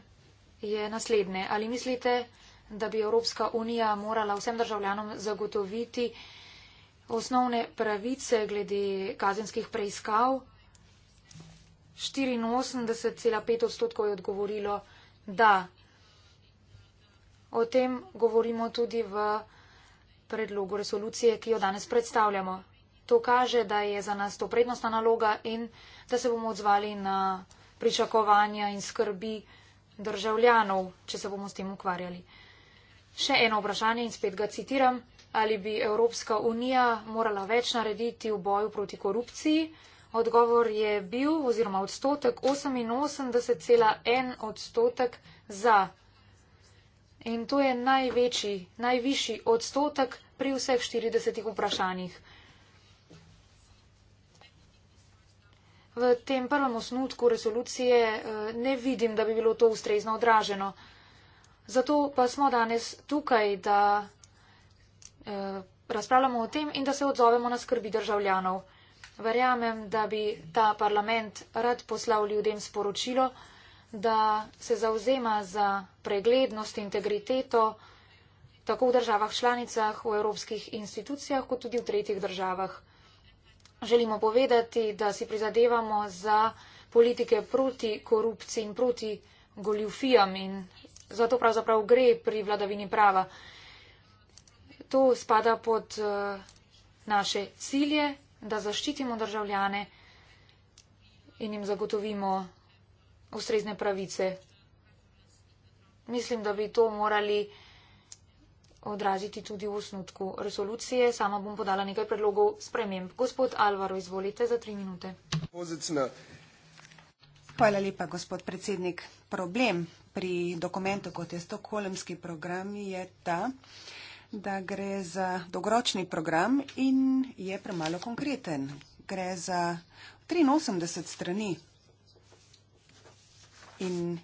je naslednje. Ali mislite, da bi Evropska unija morala vsem državljanom zagotoviti osnovne pravice glede kazenskih preiskav 84,5 odstotkov je odgovorilo da. O tem govorimo tudi v predlogu resolucije, ki jo danes predstavljamo. To kaže, da je za nas to prednostna naloga in da se bomo odzvali na pričakovanja in skrbi državljanov, če se bomo s tem ukvarjali. Še eno vprašanje in spet ga citiram. Ali bi Evropska unija morala več narediti v boju proti korupciji? Odgovor je bil oziroma odstotek 88,1 odstotek za. In to je največji, najvišji odstotek pri vseh 40 vprašanjih. V tem prvem osnutku resolucije eh, ne vidim, da bi bilo to ustrezno odraženo. Zato pa smo danes tukaj, da eh, razpravljamo o tem in da se odzovemo na skrbi državljanov. Verjamem, da bi ta parlament rad poslal ljudem sporočilo, da se zauzema za preglednost, integriteto tako v državah članicah, v evropskih institucijah, kot tudi v tretjih državah. Želimo povedati, da si prizadevamo za politike proti korupciji in proti goljufijam in zato pravzaprav gre pri vladavini prava. To spada pod eh, naše cilje da zaščitimo državljane in jim zagotovimo ustrezne pravice. Mislim, da bi to morali odraziti tudi v osnutku resolucije. Sama bom podala nekaj predlogov sprememb. Gospod Alvaro, izvolite za tri minute. Hvala lepa, gospod predsednik. Problem pri dokumentu, kot je stokholmski program, je ta, da gre za dolgoročni program in je premalo konkreten. Gre za 83 strani. In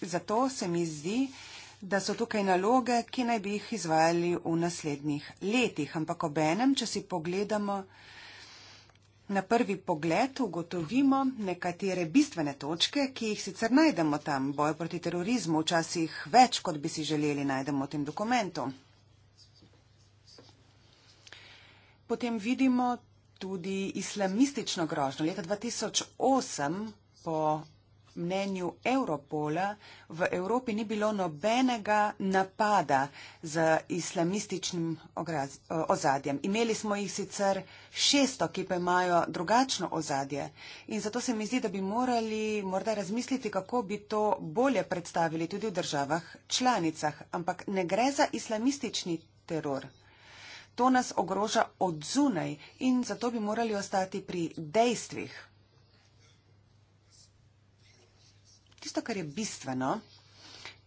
zato se mi zdi, da so tukaj naloge, ki naj bi jih izvajali v naslednjih letih. Ampak obenem, če si pogledamo na prvi pogled, ugotovimo nekatere bistvene točke, ki jih sicer najdemo tam. Boj proti terorizmu včasih več, kot bi si želeli, najdemo v tem dokumentu. potem vidimo tudi islamistično grožnjo. Leta 2008, po mnenju Europola, v Evropi ni bilo nobenega napada z islamističnim ozadjem. Imeli smo jih sicer šesto, ki pa imajo drugačno ozadje. In zato se mi zdi, da bi morali morda razmisliti, kako bi to bolje predstavili tudi v državah članicah. Ampak ne gre za islamistični teror. To nas ogroža od zunaj in zato bi morali ostati pri dejstvih. Tisto, kar je bistveno,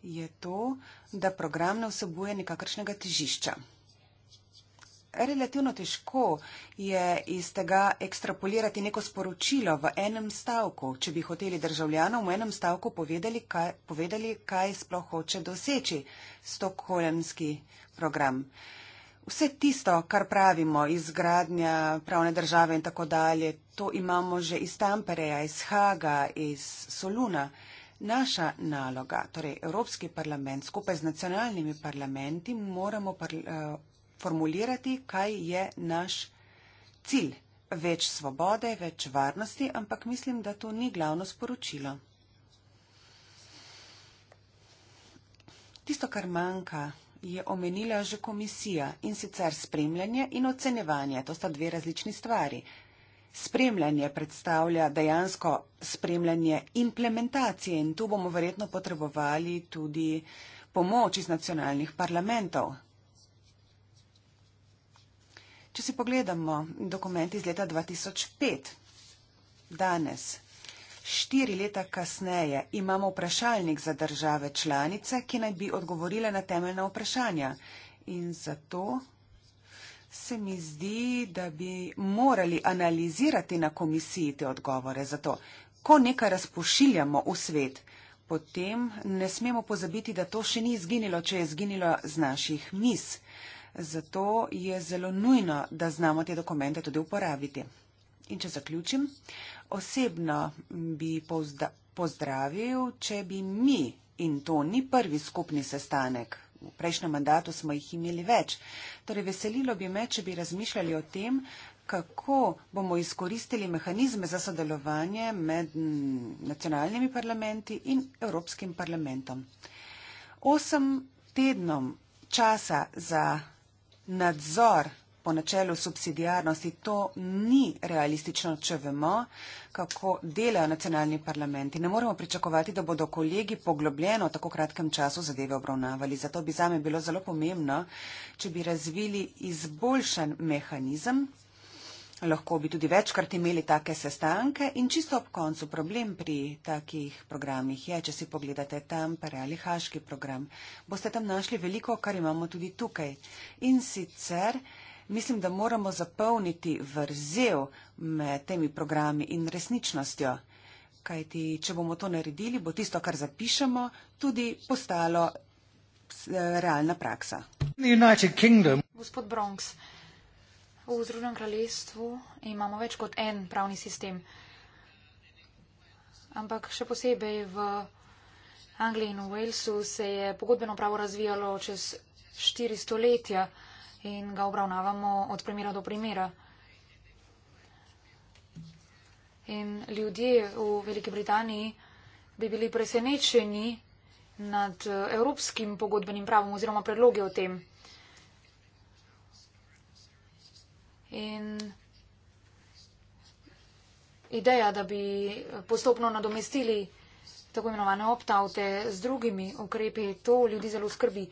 je to, da program ne vsebuje nekakršnega težišča. Relativno težko je iz tega ekstrapolirati neko sporočilo v enem stavku, če bi hoteli državljanom v enem stavku povedali, kaj, povedali, kaj sploh hoče doseči stokholemski program. Vse tisto, kar pravimo, izgradnja pravne države in tako dalje, to imamo že iz Tampereja, iz Haga, iz Soluna. Naša naloga, torej Evropski parlament skupaj z nacionalnimi parlamenti, moramo eh, formulirati, kaj je naš cilj. Več svobode, več varnosti, ampak mislim, da to ni glavno sporočilo. Tisto, kar manjka je omenila že komisija in sicer spremljanje in ocenevanje. To sta dve različni stvari. Spremljanje predstavlja dejansko spremljanje implementacije in tu bomo verjetno potrebovali tudi pomoč iz nacionalnih parlamentov. Če si pogledamo dokument iz leta 2005, danes Štiri leta kasneje imamo vprašalnik za države članice, ki naj bi odgovorile na temeljna vprašanja. In zato se mi zdi, da bi morali analizirati na komisiji te odgovore. Zato, ko nekaj razpošiljamo v svet, potem ne smemo pozabiti, da to še ni izginilo, če je izginilo z naših mis. Zato je zelo nujno, da znamo te dokumente tudi uporabiti. In če zaključim, osebno bi pozdravil, če bi mi, in to ni prvi skupni sestanek, v prejšnjem mandatu smo jih imeli več, torej veselilo bi me, če bi razmišljali o tem, kako bomo izkoristili mehanizme za sodelovanje med nacionalnimi parlamenti in Evropskim parlamentom. Osem tednom časa za nadzor po načelu subsidijarnosti to ni realistično, če vemo, kako delajo nacionalni parlamenti. Ne moremo pričakovati, da bodo kolegi poglobljeno v tako kratkem času zadeve obravnavali. Zato bi zame bilo zelo pomembno, če bi razvili izboljšan mehanizem. Lahko bi tudi večkrat imeli take sestanke in čisto ob koncu problem pri takih programih je, če si pogledate tam, pa reali haški program, boste tam našli veliko, kar imamo tudi tukaj. In sicer mislim, da moramo zapolniti vrzel med temi programi in resničnostjo. Kajti, če bomo to naredili, bo tisto, kar zapišemo, tudi postalo eh, realna praksa. Gospod Bronx, v Združenem kraljestvu imamo več kot en pravni sistem. Ampak še posebej v Angliji in v Walesu se je pogodbeno pravo razvijalo čez 400 letja in ga obravnavamo od primera do primera. In ljudje v Veliki Britaniji bi bili presenečeni nad eh, evropskim pogodbenim pravom oziroma predloge o tem. In ideja, da bi postopno nadomestili tako imenovane opt-aute z drugimi ukrepi, to ljudi zelo skrbi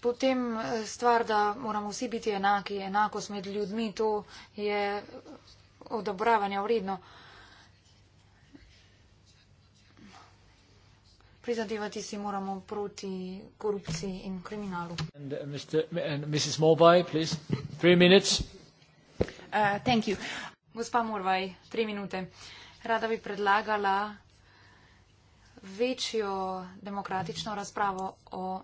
potem eh, stvar, da moramo vsi biti enaki, enakost med ljudmi, to je odobravanja vredno. Prizadevati si moramo proti korupciji in kriminalu. And, uh, Mr. and Mrs. Morvaj, please. Three minutes. Uh, thank you. Gospa Morvaj, tri minute. Rada bi predlagala večjo demokratično razpravo o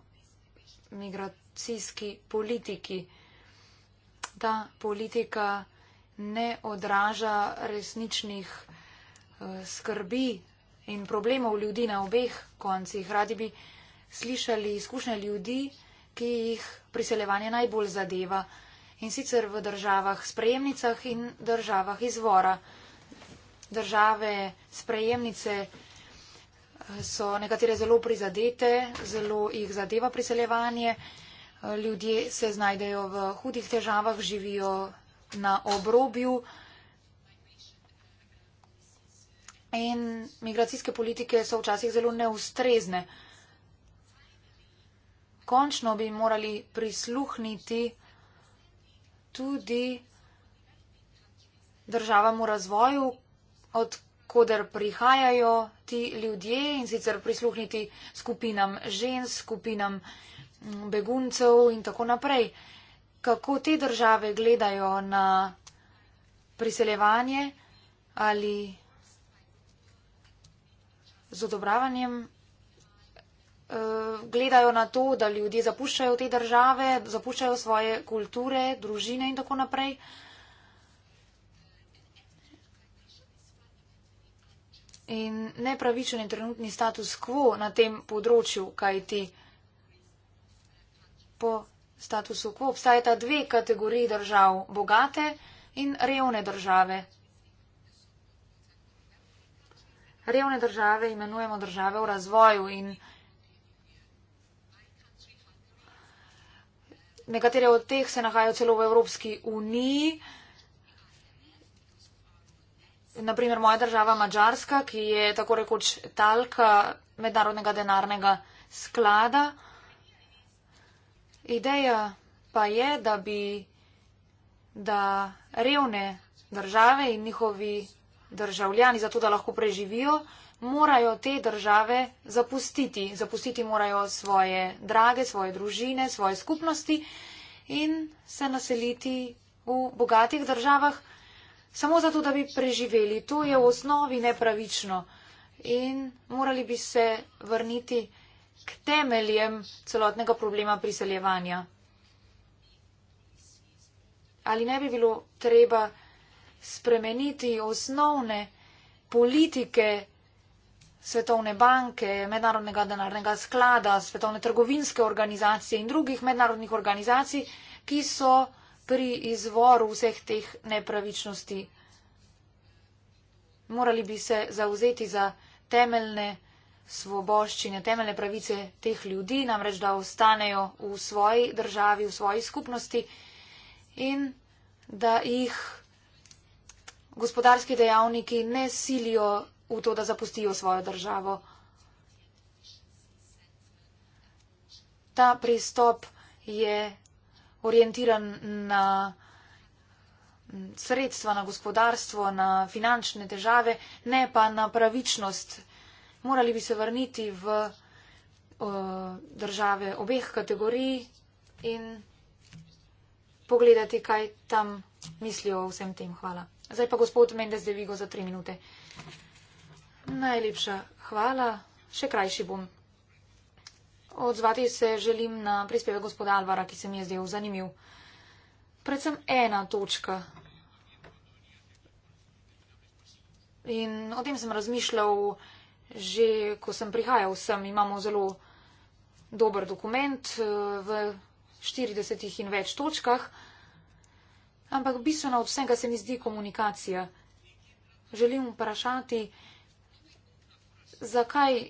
migracijski politiki. Ta politika ne odraža resničnih uh, skrbi in problemov ljudi na obeh koncih. Radi bi slišali izkušnje ljudi, ki jih priseljevanje najbolj zadeva in sicer v državah sprejemnicah in državah izvora. Države sprejemnice so nekatere zelo prizadete, zelo jih zadeva priseljevanje. Ljudje se znajdejo v hudih težavah, živijo na obrobju. In migracijske politike so včasih zelo neustrezne. Končno bi morali prisluhniti tudi državam v razvoju, od koder prihajajo ti ljudje in sicer prisluhniti skupinam žensk, skupinam mm, beguncev in tako naprej. Kako te države gledajo na priseljevanje ali z odobravanjem? Eh, gledajo na to, da ljudje zapuščajo te države, zapuščajo svoje kulture, družine in tako naprej. in nepravičen je trenutni status quo na tem področju, kajti po statusu quo obstajata dve kategoriji držav - bogate in revne države. Revne države imenujemo države v razvoju in nekatere od teh se nahajajo celo v Evropski uniji. Naprimer, moja država Mačarska, ki je tako rekoč talka mednarodnega denarnega sklada. Ideja pa je, da bi da revne države in njihovi državljani, zato da lahko preživijo, morajo te države zapustiti. Zapustiti morajo svoje drage, svoje družine, svoje skupnosti in se naseliti v bogatih državah samo zato, da bi preživeli. To je v osnovi nepravično in morali bi se vrniti k temeljem celotnega problema priseljevanja. Ali ne bi bilo treba spremeniti osnovne politike Svetovne banke, Mednarodnega denarnega sklada, Svetovne trgovinske organizacije in drugih mednarodnih organizacij, ki so pri izvoru vseh teh nepravičnosti. Morali bi se zauzeti za temeljne svoboščine, temeljne pravice teh ljudi, namreč da ostanejo v svoji državi, v svoji skupnosti in da jih gospodarski dejavniki ne silijo v to, da zapustijo svojo državo. Ta pristop je orientiran na sredstva, na gospodarstvo, na finančne težave, ne pa na pravičnost. Morali bi se vrniti v uh, države obeh kategorij in pogledati, kaj tam mislijo o vsem tem. Hvala. Zdaj pa gospod Mendes de Vigo za tri minute. Najlepša hvala. Še krajši bom. Odzvati se želim na prispevek gospoda Alvara, ki se mi je zdel zanimiv. Predvsem ena točka. In o tem sem razmišljal že, ko sem prihajal sem. Imamo zelo dober dokument eh, v 40 in več točkah. Ampak bistveno od vsega se mi zdi komunikacija. Želim vprašati, zakaj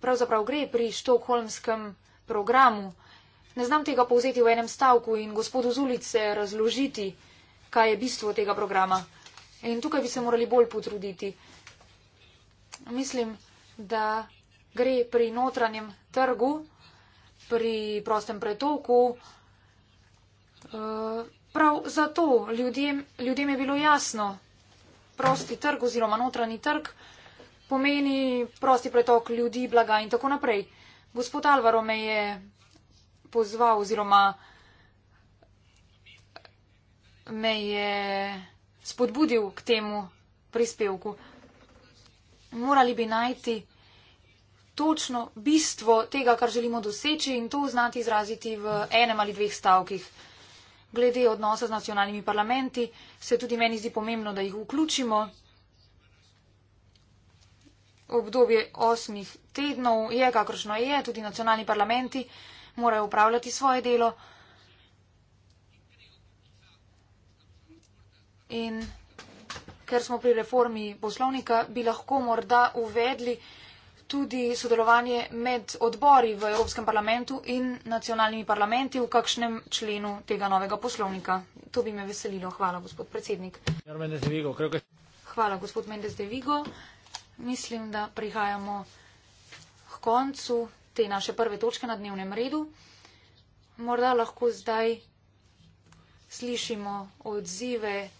pravzaprav gre pri štokholmskem programu. Ne znam tega povzeti v enem stavku in gospodu Zulice razložiti, kaj je bistvo tega programa. In tukaj bi se morali bolj potruditi. Mislim, da gre pri notranjem trgu, pri prostem pretoku. Eh, prav zato ljudem, ljudem je bilo jasno, prosti trg oziroma notranji trg pomeni prosti pretok ljudi, blaga in tako naprej. Gospod Alvaro me je pozval oziroma me je spodbudil k temu prispevku. Morali bi najti točno bistvo tega, kar želimo doseči in to znati izraziti v enem ali dveh stavkih. Glede odnosa z nacionalnimi parlamenti se tudi meni zdi pomembno, da jih vključimo obdobje osmih tednov je, kakršno je, tudi nacionalni parlamenti morajo upravljati svoje delo. In ker smo pri reformi poslovnika, bi lahko morda uvedli tudi sodelovanje med odbori v Evropskem parlamentu in nacionalnimi parlamenti v kakšnem členu tega novega poslovnika. To bi me veselilo. Hvala, gospod predsednik. Hvala, gospod Mendes de Vigo mislim, da prihajamo k koncu te naše prve točke na dnevnem redu. Morda lahko zdaj slišimo odzive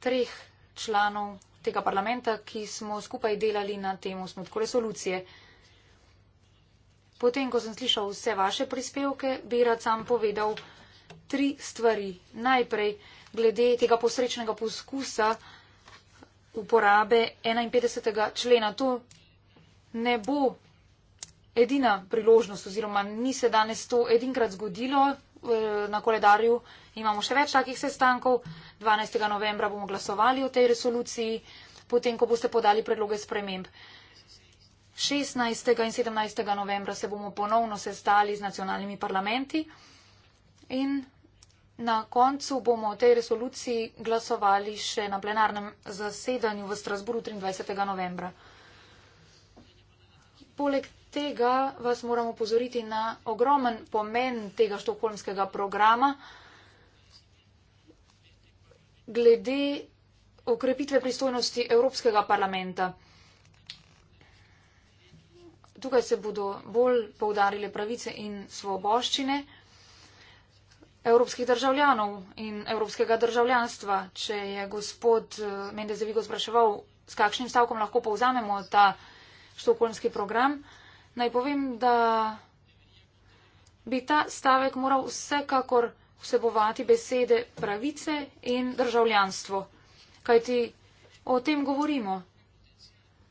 treh članov tega parlamenta, ki smo skupaj delali na tem osnutku resolucije. Potem, ko sem slišal vse vaše prispevke, bi rad sam povedal tri stvari. Najprej glede tega posrečnega poskusa, uporabe 51. člena. To ne bo edina priložnost oziroma ni se danes to edinkrat zgodilo na koledarju. Imamo še več takih sestankov. 12. novembra bomo glasovali o tej resoluciji, potem, ko boste podali predloge sprememb. 16. in 17. novembra se bomo ponovno sestali z nacionalnimi parlamenti in Na koncu bomo o tej resoluciji glasovali še na plenarnem zasedanju v Strasburu 23. novembra. Poleg tega vas moramo pozoriti na ogromen pomen tega štokholmskega programa glede okrepitve pristojnosti Evropskega parlamenta. Tukaj se bodo bolj poudarile pravice in svoboščine evropskih državljanov in evropskega državljanstva. Če je gospod eh, Mendezevigo spraševal, s kakšnim stavkom lahko povzamemo ta štokolmski program, naj povem, da bi ta stavek moral vsekakor vsebovati besede pravice in državljanstvo. Kajti o tem govorimo.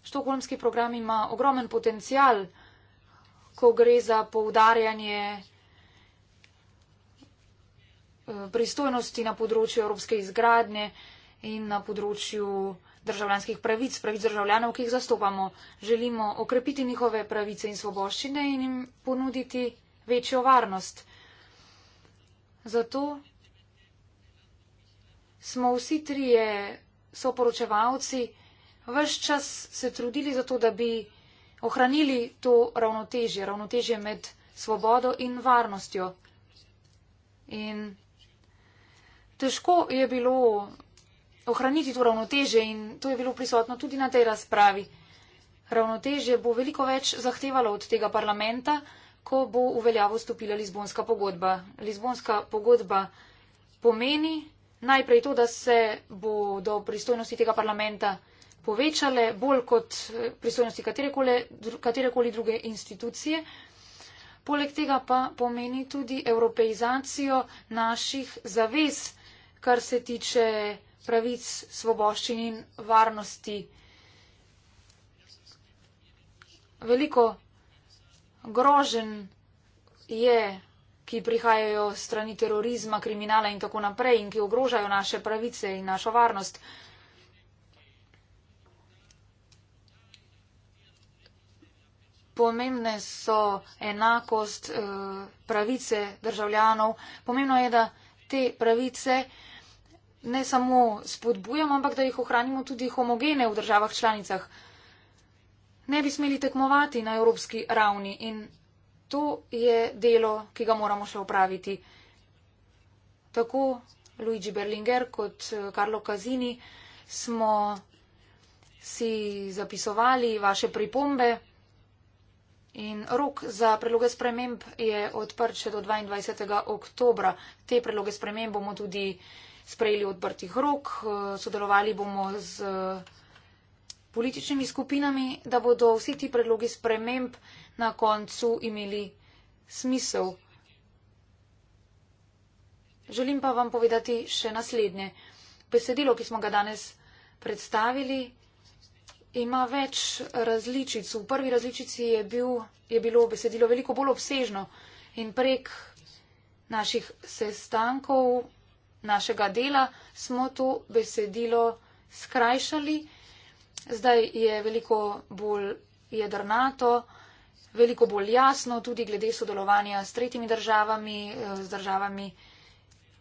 Štokolmski program ima ogromen potencial, ko gre za poudarjanje pristojnosti na področju evropske izgradnje in na področju državljanskih pravic, pravic državljanov, ki jih zastopamo. Želimo okrepiti njihove pravice in svoboščine in jim ponuditi večjo varnost. Zato smo vsi trije soporočevalci vse čas se trudili za to, da bi ohranili to ravnotežje, ravnotežje med svobodo in varnostjo. In težko je bilo ohraniti to ravnoteže in to je bilo prisotno tudi na tej razpravi. Ravnoteže bo veliko več zahtevalo od tega parlamenta, ko bo v veljavo stopila Lizbonska pogodba. Lizbonska pogodba pomeni najprej to, da se bo do pristojnosti tega parlamenta povečale bolj kot eh, pristojnosti katerekoli, katerekoli druge institucije. Poleg tega pa pomeni tudi evropeizacijo naših zavest kar se tiče pravic, svoboščin in varnosti. Veliko grožen je, ki prihajajo strani terorizma, kriminala in tako naprej in ki ogrožajo naše pravice in našo varnost. Pomembne so enakost eh, pravice državljanov. Pomembno je, da te pravice ne samo spodbujamo, ampak da jih ohranimo tudi homogene v državah članicah. Ne bi smeli tekmovati na evropski ravni in to je delo, ki ga moramo še opraviti. Tako Luigi Berlinger kot Karlo eh, Kazini smo si zapisovali vaše pripombe in rok za predloge sprememb je odprt še do 22. oktobra. Te predloge sprememb bomo tudi sprejeli odprtih rok, eh, sodelovali bomo z eh, političnimi skupinami, da bodo vsi ti predlogi sprememb na koncu imeli smisel. Želim pa vam povedati še naslednje. Besedilo, ki smo ga danes predstavili, ima več različic. V prvi različici je, bil, je bilo besedilo veliko bolj obsežno in prek naših sestankov našega dela, smo to besedilo skrajšali. Zdaj je veliko bolj jedrnato, veliko bolj jasno tudi glede sodelovanja s tretjimi državami, eh, z državami,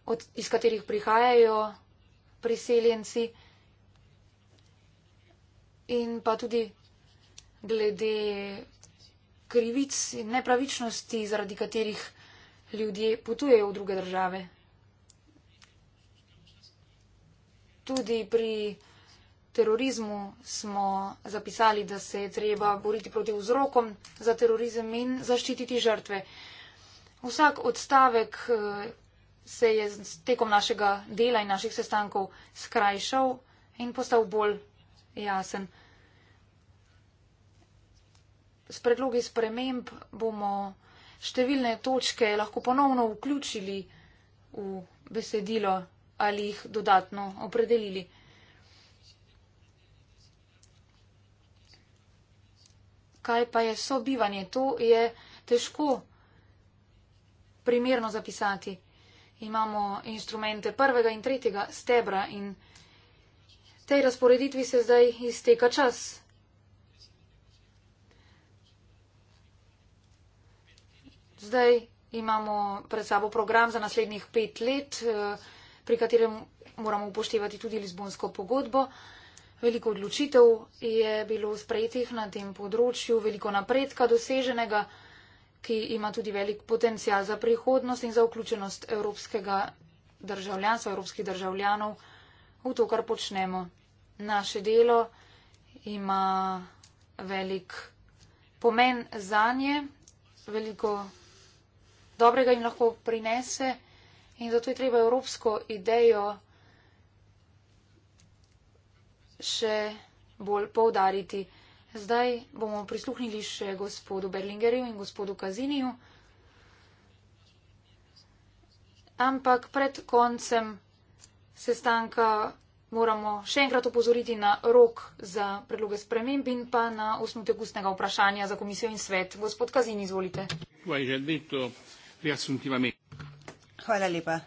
od, iz katerih prihajajo priseljenci in pa tudi glede krivic in nepravičnosti, zaradi katerih ljudje potujejo v druge države. tudi pri terorizmu smo zapisali, da se je treba boriti proti vzrokom za terorizem in zaščititi žrtve. Vsak odstavek eh, se je tekom našega dela in naših sestankov skrajšal in postal bolj jasen. S predlogi sprememb bomo številne točke lahko ponovno vključili v besedilo ali jih dodatno opredelili. Kaj pa je sobivanje? To je težko primerno zapisati. Imamo instrumente prvega in tretjega stebra in tej razporeditvi se zdaj izteka čas. Zdaj imamo pred sabo program za naslednjih pet let. Uh, pri katerem moramo upoštevati tudi Lizbonsko pogodbo. Veliko odločitev je bilo sprejetih na tem področju, veliko napredka doseženega, ki ima tudi velik potencial za prihodnost in za vključenost evropskega državljanstva, evropskih državljanov v to, kar počnemo. Naše delo ima velik pomen za nje, veliko dobrega jim lahko prinese. In zato je treba evropsko idejo še bolj povdariti. Zdaj bomo prisluhnili še gospodu Berlingerju in gospodu Kaziniju. Ampak pred koncem sestanka moramo še enkrat opozoriti na rok za predloge sprememb in pa na osnutek ustnega vprašanja za komisijo in svet. Gospod Kazin, izvolite. Hvala lepa.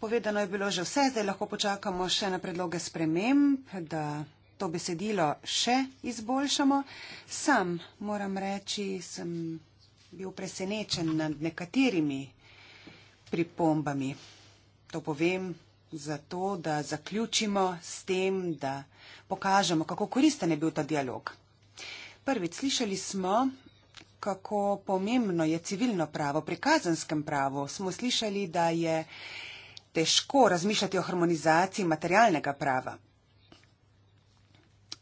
Povedano je bilo že vse, zdaj lahko počakamo še na predloge sprememb, da to besedilo še izboljšamo. Sam moram reči, sem bil presenečen nad nekaterimi pripombami. To povem zato, da zaključimo s tem, da pokažemo, kako koristen je bil ta dialog. Prvič, slišali smo kako pomembno je civilno pravo. Pri kazenskem pravu smo slišali, da je težko razmišljati o harmonizaciji materialnega prava.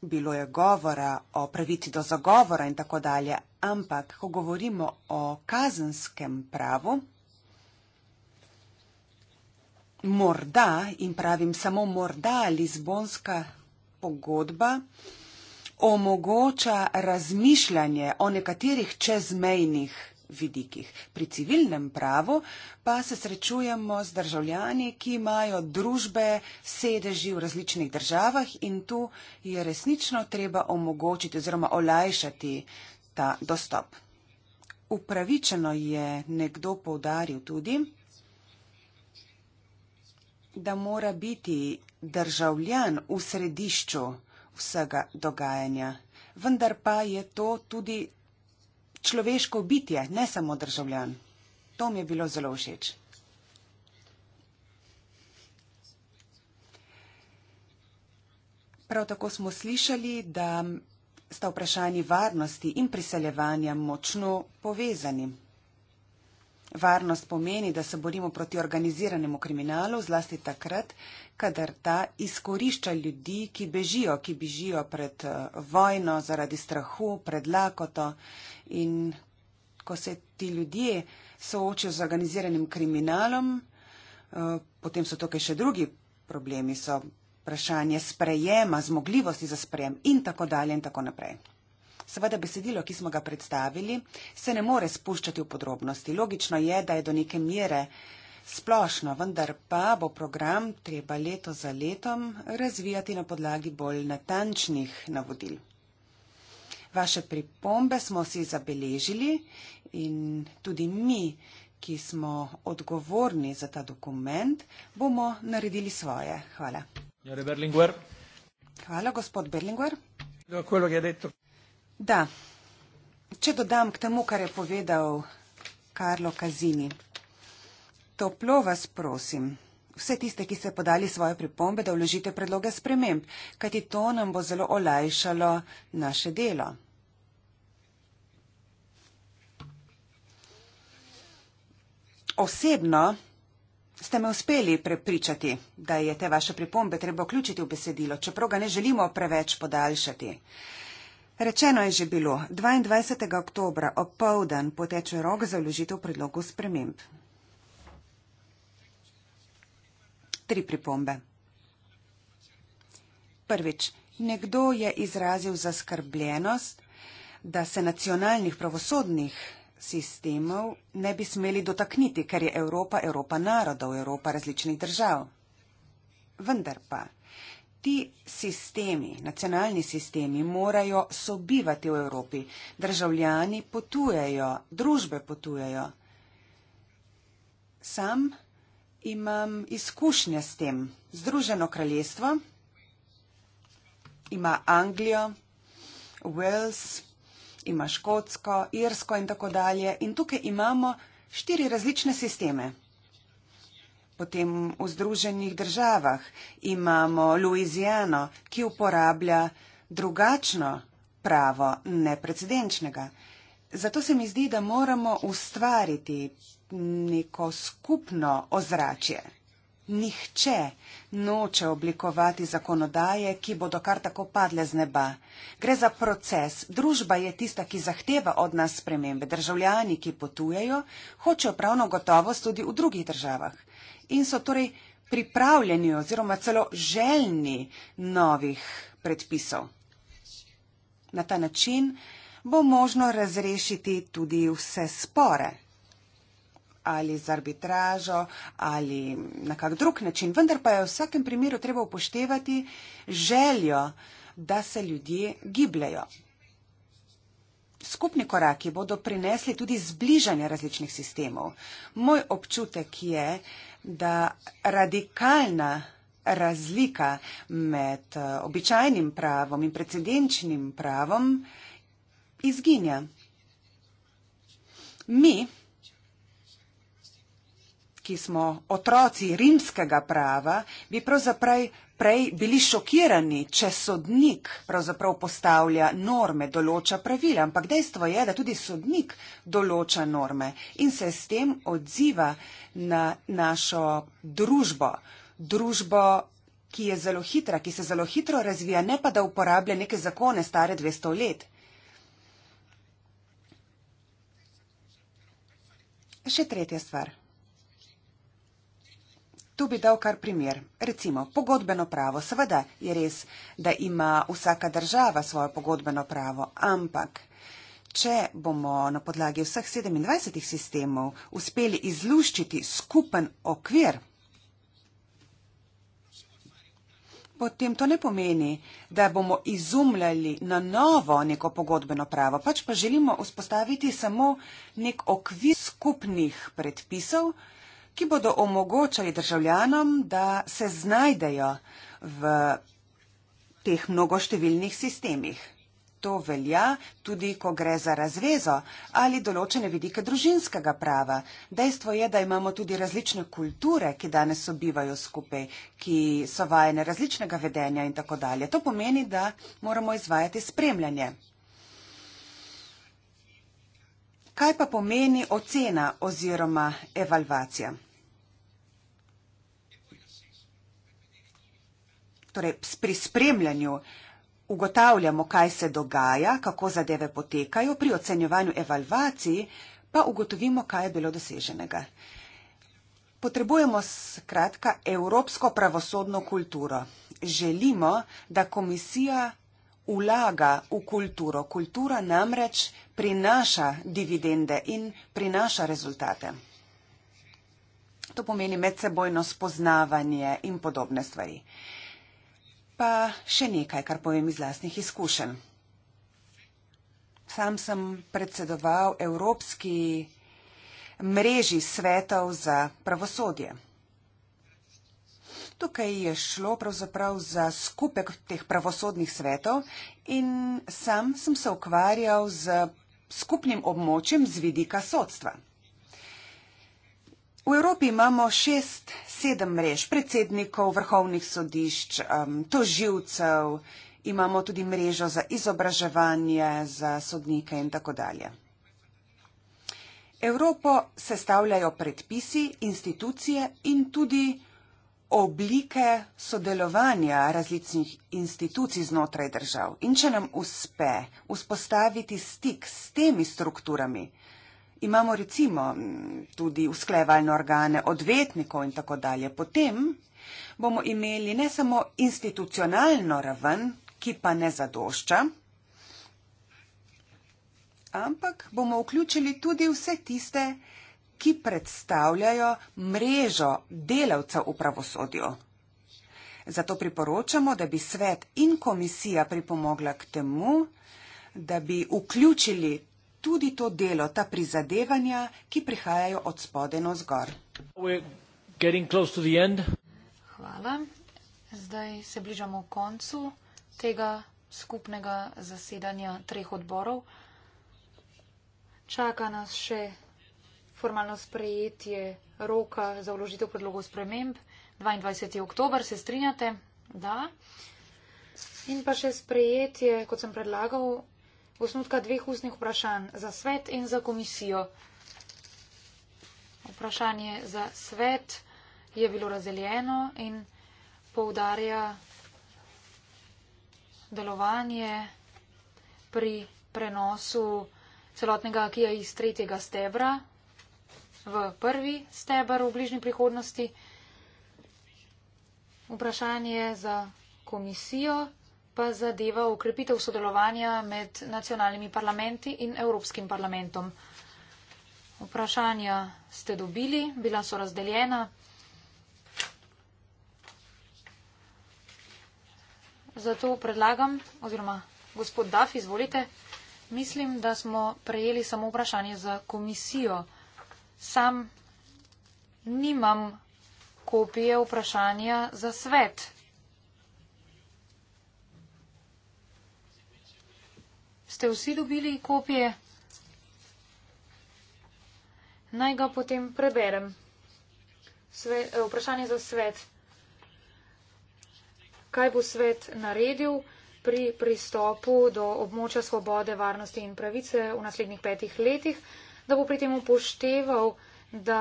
Bilo je govora o pravici do zagovora in tako dalje, ampak ko govorimo o kazenskem pravu, morda in pravim samo morda Lizbonska pogodba omogoča razmišljanje o nekaterih čezmejnih vidikih. Pri civilnem pravu pa se srečujemo z državljani, ki imajo družbe, sedeži v različnih državah in tu je resnično treba omogočiti oziroma olajšati ta dostop. Upravičeno je nekdo povdaril tudi, da mora biti državljan v središču vsega dogajanja. Vendar pa je to tudi človeško bitje, ne samo državljan. To mi je bilo zelo všeč. Prav tako smo slišali, da sta vprašanji varnosti in priseljevanja močno povezani. Varnost pomeni, da se borimo proti organiziranemu kriminalu, zlasti takrat, kadar ta izkorišča ljudi, ki bežijo, ki bežijo pred eh, vojno zaradi strahu, pred lakoto. In ko se ti ljudje soočijo z organiziranim kriminalom, eh, potem so tukaj še drugi problemi, so vprašanje sprejema, zmogljivosti za sprejem in tako dalje in tako naprej. Seveda besedilo, ki smo ga predstavili, se ne more spuščati v podrobnosti. Logično je, da je do neke mere splošno, vendar pa bo program treba leto za letom razvijati na podlagi bolj natančnih navodil. Vaše pripombe smo si zabeležili in tudi mi, ki smo odgovorni za ta dokument, bomo naredili svoje. Hvala. Hvala, gospod Berlinguer. Do quello che ha detto. Da, če dodam k temu, kar je povedal Karlo Kazini. Toplo vas prosim, vse tiste, ki ste podali svoje pripombe, da vložite predloge sprememb, kajti to nam bo zelo olajšalo naše delo. Osebno ste me uspeli prepričati, da je te vaše pripombe treba vključiti v besedilo, čeprav ga ne želimo preveč podaljšati. Uh, Rečeno je že bilo, 22. oktober ob povdan poteče rok za vložitev predlogov sprememb. Tri pripombe. Prvič, nekdo je izrazil zaskrbljenost, da se nacionalnih pravosodnih sistemov ne bi smeli dotakniti, ker je Evropa Evropa narodov, Evropa različnih držav. Vendar pa ti sistemi, nacionalni sistemi, morajo sobivati v Evropi. Državljani potujejo, družbe potujejo. Sam imam izkušnje s tem. Združeno kraljestvo ima Anglijo, Wales, ima Škotsko, Irsko in tako dalje. In tukaj imamo štiri različne sisteme. Potem v Združenih državah imamo Louisiano, ki uporablja drugačno pravo neprecedenčnega. Zato se mi zdi, da moramo ustvariti neko skupno ozračje. Nihče noče oblikovati zakonodaje, ki bodo kar tako padle z neba. Gre za proces. Družba je tista, ki zahteva od nas spremembe. Državljani, ki potujejo, hočejo pravno gotovost tudi v drugih državah in so torej pripravljeni oziroma celo željni novih predpisov. Na ta način bo možno razrešiti tudi vse spore ali z arbitražo ali na kak drug način. Vendar pa je v vsakem primeru treba upoštevati željo, da se ljudje gibljajo. Skupni koraki bodo prinesli tudi zbližanje različnih sistemov. Moj občutek je, da radikalna razlika med eh, običajnim pravom in precedenčnim pravom izginja. Mi, ki smo otroci rimskega prava, bi pravzaprav prej bili šokirani, če sodnik pravzaprav postavlja norme, določa pravila, ampak dejstvo je, da tudi sodnik določa norme in se s tem odziva na našo družbo. Družbo, ki je zelo hitra, ki se zelo hitro razvija, ne pa da uporablja neke zakone stare 200 let. Še tretja stvar. Tu bi dal kar primer. Recimo, pogodbeno pravo. Seveda je res, da ima vsaka država svojo pogodbeno pravo, ampak če bomo na podlagi vseh 27 sistemov uspeli izluščiti skupen okvir, potem to ne pomeni, da bomo izumljali na novo neko pogodbeno pravo, pač pa želimo vzpostaviti samo nek okvir skupnih predpisov, ki bodo omogočali državljanom, da se znajdejo v teh mnogoštevilnih sistemih. To velja tudi, ko gre za razvezo ali določene vidike družinskega prava. Dejstvo je, da imamo tudi različne kulture, ki danes sobivajo skupaj, ki so vajene različnega vedenja in tako dalje. To pomeni, da moramo izvajati spremljanje. Kaj pa pomeni ocena oziroma evalvacija? Torej, pri spremljanju ugotavljamo, kaj se dogaja, kako zadeve potekajo, pri ocenjevanju evalvaciji pa ugotovimo, kaj je bilo doseženega. Potrebujemo skratka evropsko pravosodno kulturo. Želimo, da komisija vlaga v kulturo. Kultura namreč prinaša dividende in prinaša rezultate. To pomeni medsebojno spoznavanje in podobne stvari. Pa še nekaj, kar povem iz lastnih izkušenj. Sam sem predsedoval Evropski mreži svetov za pravosodje. Tukaj je šlo pravzaprav za skupek teh pravosodnih svetov in sam sem se ukvarjal z skupnim območjem z vidika sodstva. V Evropi imamo šest, sedem mrež predsednikov, vrhovnih sodišč, um, toživcev, imamo tudi mrežo za izobraževanje, za sodnike in tako dalje. Evropo sestavljajo predpisi, institucije in tudi vsega oblike sodelovanja različnih institucij znotraj držav. In če nam uspe vzpostaviti stik s temi strukturami, imamo recimo tudi usklejevalne organe odvetnikov in tako dalje, potem bomo imeli ne samo institucionalno raven, ki pa ne zadošča, ampak bomo vključili tudi vse tiste, ki predstavljajo mrežo delavcev v pravosodju. Zato priporočamo, da bi svet in komisija pripomogla k temu, da bi vključili tudi to delo, ta prizadevanja, ki prihajajo od spode na zgor. Hvala. Zdaj se bližamo koncu tega skupnega zasedanja treh odborov. Čaka nas še formalno sprejetje roka za vložitev predlogov sprememb 22. oktober, se strinjate? Da. In pa še sprejetje, kot sem predlagal, osnutka dveh ustnih vprašanj za svet in za komisijo. Vprašanje za svet je bilo razdeljeno in poudarja delovanje pri prenosu celotnega akija iz tretjega stebra v prvi stebr v bližnji prihodnosti. Vprašanje za komisijo pa zadeva ukrepitev sodelovanja med nacionalnimi parlamenti in Evropskim parlamentom. Vprašanja ste dobili, bila so razdeljena. Zato predlagam, oziroma gospod Daf, izvolite, mislim, da smo prejeli samo vprašanje za komisijo sam nimam kopije vprašanja za svet. Ste vsi dobili kopije? Naj ga potem preberem. Svet, eh, vprašanje za svet. Kaj bo svet naredil pri pristopu do območja svobode, varnosti in pravice v naslednjih petih letih? da bo pri tem upošteval, da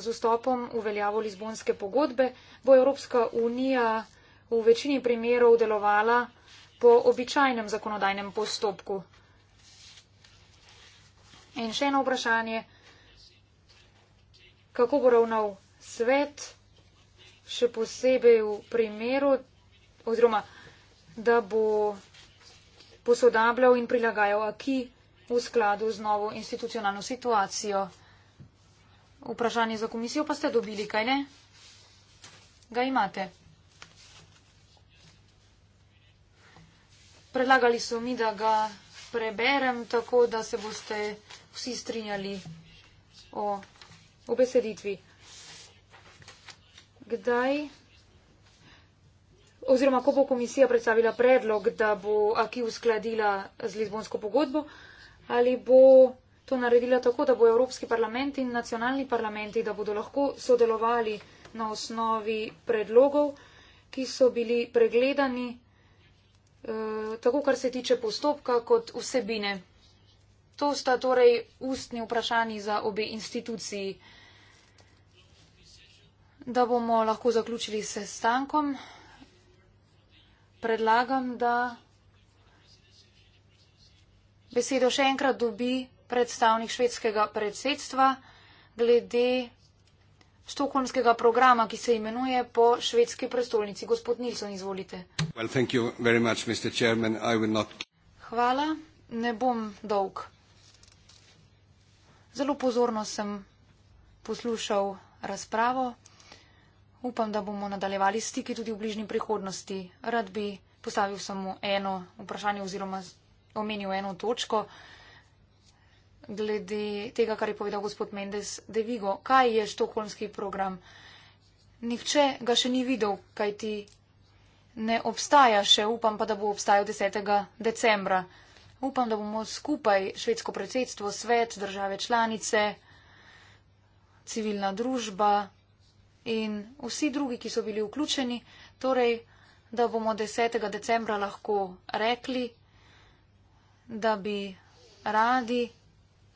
z vstopom uveljavo Lizbonske pogodbe bo Evropska unija v večini primerov delovala po običajnem zakonodajnem postopku. In še eno vprašanje, kako bo ravnal svet, še posebej v primeru, oziroma da bo posodabljal in prilagajal aki v skladu z novo institucionalno situacijo. Vprašanje za komisijo pa ste dobili, kaj ne? Ga imate. Predlagali so mi, da ga preberem tako, da se boste vsi strinjali o obeseditvi. Kdaj? Oziroma, ko bo komisija predstavila predlog, da bo AKI uskladila z Lizbonsko pogodbo, ali bo to naredila tako, da bo Evropski parlament in nacionalni parlamenti, da bodo lahko sodelovali na osnovi predlogov, ki so bili pregledani, eh, tako kar se tiče postopka kot vsebine. To sta torej ustni vprašanji za obe instituciji. Da bomo lahko zaključili sestankom, predlagam, da. Besedo še enkrat dobi predstavnik švedskega predsedstva glede stokholmskega programa, ki se imenuje po švedski prestolnici. Gospod Nilsson, izvolite. Well, much, not... Hvala, ne bom dolg. Zelo pozorno sem poslušal razpravo. Upam, da bomo nadaljevali stiki tudi v bližnji prihodnosti. Rad bi postavil samo eno vprašanje oziroma omenil eno točko glede tega, kar je povedal gospod Mendes de Vigo. Kaj je štokholmski program? Nihče ga še ni videl, kaj ti ne obstaja še, upam pa, da bo obstajal 10. decembra. Upam, da bomo skupaj švedsko predsedstvo, svet, države članice, civilna družba in vsi drugi, ki so bili vključeni, torej, da bomo 10. decembra lahko rekli da bi radi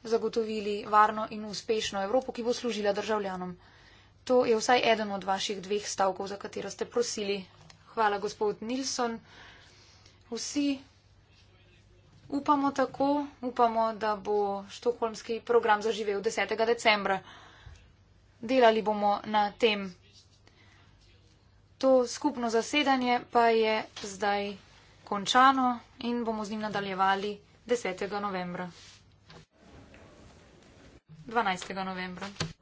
zagotovili varno in uspešno Evropo, ki bo služila državljanom. To je vsaj eden od vaših dveh stavkov, za katero ste prosili. Hvala, gospod Nilsson. Vsi upamo tako, upamo, da bo štokholmski program zaživel 10. decembra. Delali bomo na tem. To skupno zasedanje pa je zdaj končano in bomo z njim nadaljevali 10. novembra. 12. novembra.